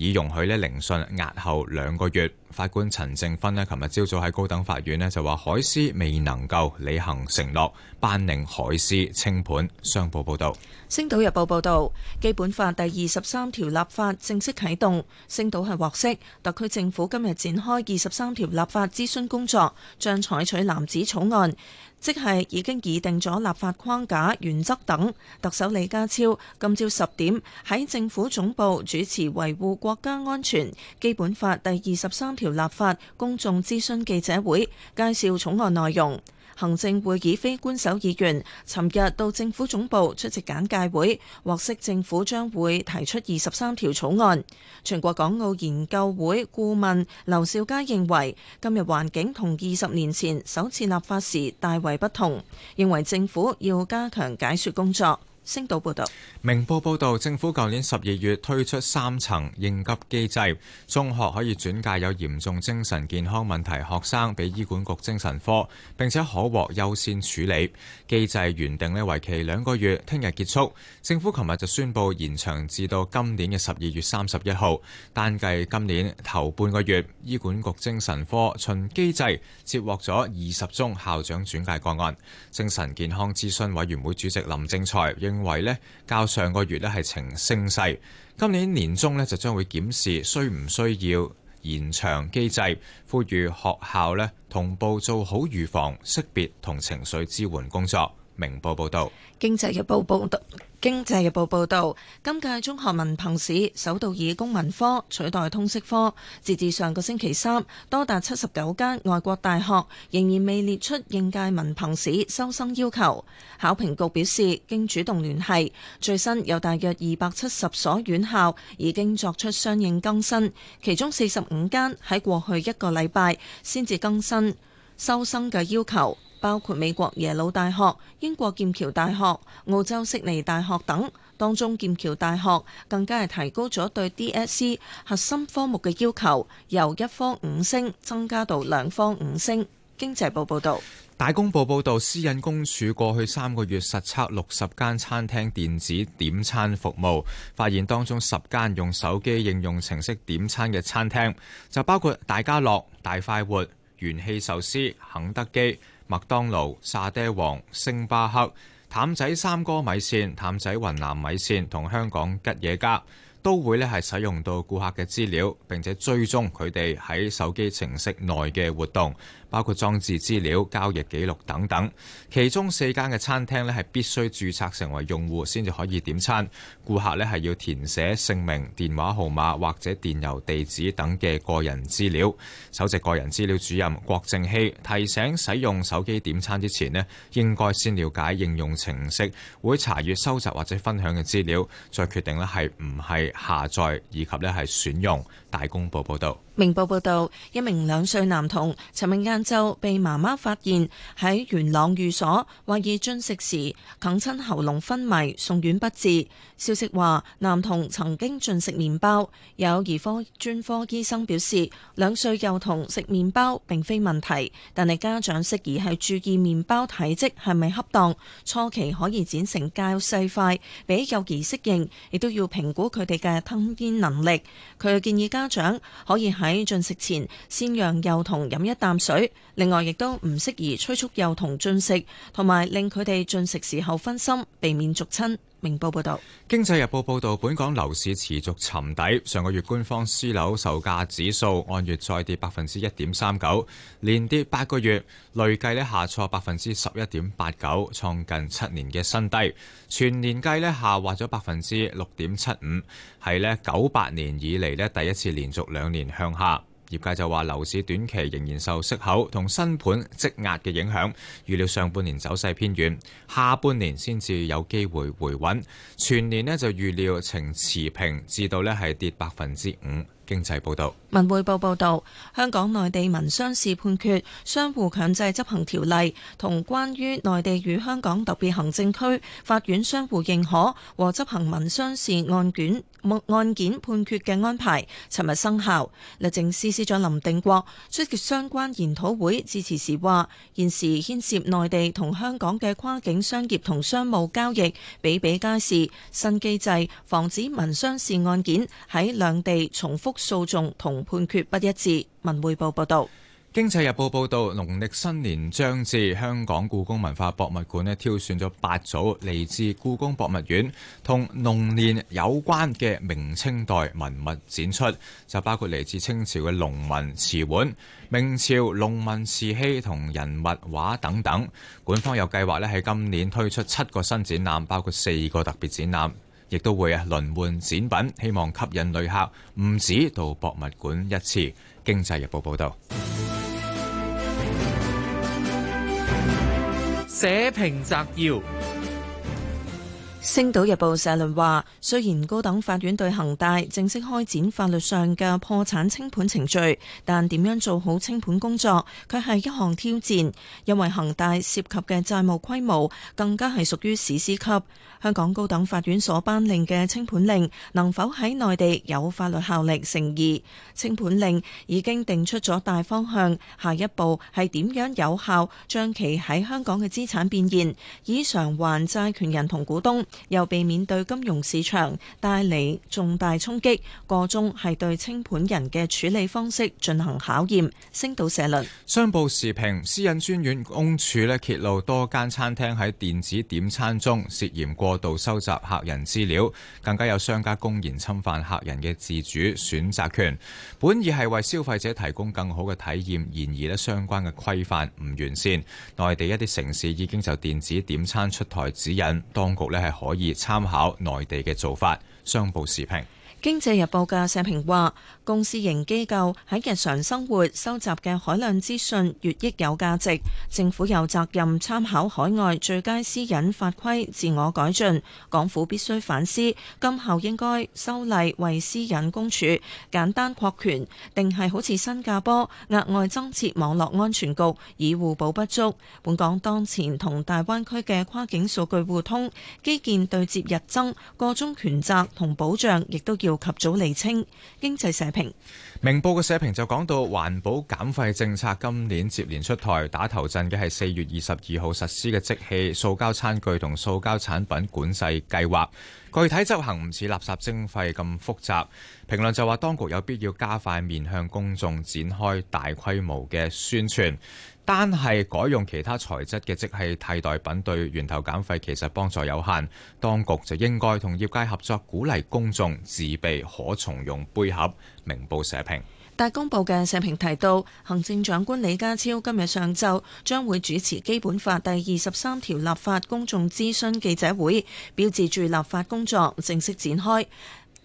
以容許咧聆訊押後兩個月。法官陳靜芬咧，琴日朝早喺高等法院咧就話，海斯未能夠履行承諾，頒令海斯清盤。商報報道：《星島日報》報道，《基本法》第二十三條立法正式啟動，星島係獲悉，特區政府今日展開二十三條立法諮詢工作，將採取藍紙草案。即係已經擬定咗立法框架、原則等。特首李家超今朝十點喺政府總部主持維護國家安全基本法第二十三條立法公眾諮詢記者會，介紹草案內容。行政會議非官守議員尋日到政府總部出席簡介會，獲悉政府將會提出二十三條草案。全國港澳研究會顧問劉兆佳認為，今日環境同二十年前首次立法時大為不同，認為政府要加強解説工作。星島報道，明報報道，政府舊年十二月推出三層應急機制，中學可以轉介有嚴重精神健康問題學生俾醫管局精神科，並且可獲優先處理。機制原定咧為期兩個月，聽日結束。政府琴日就宣布延長至到今年嘅十二月三十一號。單計今年頭半個月，醫管局精神科循機制接獲咗二十宗校長轉介個案。精神健康諮詢委員會主席林正財，認為呢較上個月呢係呈升勢，今年年中呢就將會檢視需唔需要延長機制，呼籲學校呢同步做好預防、識別同情緒支援工作。明報報導，《經濟日報》報導，《經濟日報》報導，今屆中學文憑試首度以公民科取代通識科。截至上個星期三，多達七十九間外國大學仍然未列出應屆文憑試收生要求。考評局表示，經主動聯繫，最新有大約二百七十所院校已經作出相應更新，其中四十五間喺過去一個禮拜先至更新收生嘅要求。包括美國耶魯大學、英國劍橋大學、澳洲悉尼大學等，當中劍橋大學更加係提高咗對 DSE 核心科目嘅要求，由一科五星增加到兩科五星。經濟部報道部報導，大公報報導，私隱公署過去三個月實測六十間餐廳電子點餐服務，發現當中十間用手機應用程式點餐嘅餐廳就包括大家樂、大快活、元氣壽司、肯德基。麥當勞、沙爹王、星巴克、譚仔三哥米線、譚仔雲南米線同香港吉野家，都會咧係使用到顧客嘅資料，並且追蹤佢哋喺手機程式內嘅活動。包括裝置資料、交易記錄等等，其中四間嘅餐廳咧係必須註冊成為用戶先至可以點餐。顧客咧係要填寫姓名、電話號碼或者電郵地址等嘅個人資料。首席個人資料主任郭正熙提醒，使用手機點餐之前咧，應該先了解應用程式會查閲收集或者分享嘅資料，再決定咧係唔係下載以及咧係選用。大公報報導，明報報導，一名兩歲男童尋日晏晝被媽媽發現喺元朗寓所，懷疑進食時哽親喉嚨昏迷送院不治。消息話，男童曾經進食麵包，有兒科專科醫生表示，兩歲幼童食麵包並非問題，但係家長適宜係注意麵包體積係咪恰當。初期可以剪成較細塊俾幼兒適應，亦都要評估佢哋嘅吞咽能力。佢建議家家長可以喺進食前先讓幼童飲一啖水，另外亦都唔適宜催促幼童進食，同埋令佢哋進食時候分心，避免逐親。明報報道，經濟日報報道，本港樓市持續沉底。上個月官方私樓售價指數按月再跌百分之一點三九，連跌八個月，累計呢下挫百分之十一點八九，創近七年嘅新低。全年計呢下滑咗百分之六點七五，係呢九八年以嚟呢第一次連續兩年向下。業界就話，樓市短期仍然受息口同新盤積壓嘅影響，預料上半年走勢偏軟，下半年先至有機會回穩，全年呢就預料呈持平至到呢係跌百分之五。經濟報導，文匯報報導，香港內地民商事判決、相互強制執行條例同關於內地與香港特別行政區法院相互認可和執行民商事案件案件判決嘅安排，尋日生效。律政司司長林定國出席相關研討會致辭時話：現時牽涉內地同香港嘅跨境商業同商務交易比比皆是，新機制防止民商事案件喺兩地重複訴訟同判決不一致。文匯報報道。經濟日報報道，農曆新年將至，香港故宮文化博物館咧挑選咗八組嚟自故宮博物院同龍年有關嘅明清代文物展出，就包括嚟自清朝嘅龍紋瓷碗、明朝龍紋瓷器同人物畫等等。館方有計劃咧喺今年推出七個新展覽，包括四個特別展覽，亦都會啊輪換展品，希望吸引旅客唔止到博物館一次。經濟日報報導，社評摘要。星島日報社論話，雖然高等法院對恒大正式開展法律上嘅破產清盤程序，但點樣做好清盤工作，佢係一項挑戰，因為恒大涉及嘅債務規模更加係屬於史詩級。香港高等法院所頒令嘅清盤令能否喺內地有法律效力，成疑。清盤令已經定出咗大方向，下一步係點樣有效將其喺香港嘅資產變現，以償還債權人同股東。又避免對金融市場帶嚟重大衝擊，個中係對清盤人嘅處理方式進行考驗，升到社論。商報時評，私隱專員公署咧揭露多間餐廳喺電子點餐中涉嫌過度收集客人資料，更加有商家公然侵犯客人嘅自主選擇權。本意係為消費者提供更好嘅體驗，然而咧相關嘅規範唔完善。內地一啲城市已經就電子點餐出台指引，當局咧係。可以參考內地嘅做法，雙報時評。《經濟日報》嘅社評話：公私營機構喺日常生活收集嘅海量資訊越益有價值，政府有責任參考海外最佳私隱法規，自我改進。港府必須反思，今後應該修例為私隱公署簡單擴權，定係好似新加坡額外增設網絡安全局以互補不足？本港當前同大灣區嘅跨境數據互通基建對接日增，個中權責同保障亦都要。要及早厘清經濟社評。明報嘅社評就講到，環保減費政策今年接連出台，打頭陣嘅係四月二十二號實施嘅即棄塑膠餐具同塑膠產品管制計劃，具體執行唔似垃圾徵費咁複雜。評論就話，當局有必要加快面向公眾展開大規模嘅宣傳。單係改用其他材質嘅即係替代品，對源頭減廢其實幫助有限。當局就應該同業界合作，鼓勵公眾自備可重用杯盒。明報社評。大公報嘅社評提到，行政長官李家超今日上晝將會主持《基本法》第二十三條立法公眾諮詢記者會，標誌住立法工作正式展開。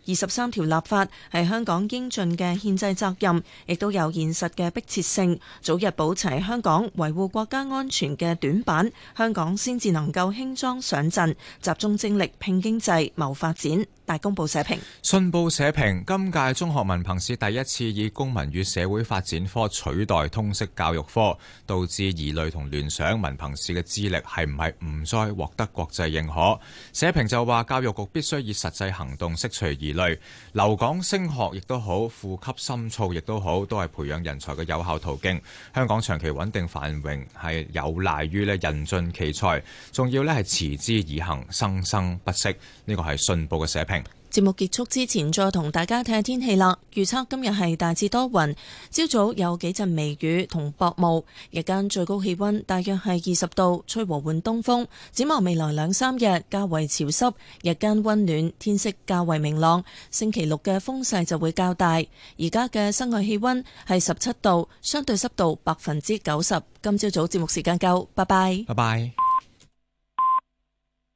二十三條立法係香港應盡嘅憲制責任，亦都有現實嘅迫切性。早日補齊香港維護國家安全嘅短板，香港先至能夠輕裝上陣，集中精力拼經濟、謀發展。大公報社評信報社評今屆中學文憑試第一次以公民與社會發展科取代通識教育科，導致疑慮同聯想，文憑試嘅資歷係唔係唔再獲得國際認可？社評就話，教育局必須以實際行動釋除疑慮，留港升學亦都好，負笈深造亦都好，都係培養人才嘅有效途徑，香港長期穩定繁榮係有賴於咧人盡其才，仲要咧係持之以恒，生生不息。呢個係信報嘅社評。節目結束之前，再同大家睇下天氣啦。預測今日係大致多雲，朝早有幾陣微雨同薄霧，日間最高氣溫大約係二十度，吹和緩東風。展望未來兩三日，較為潮濕，日間溫暖，天色較為明朗。星期六嘅風勢就會較大。而家嘅室外氣溫係十七度，相對濕度百分之九十。今朝早節目時間夠，拜拜。拜拜。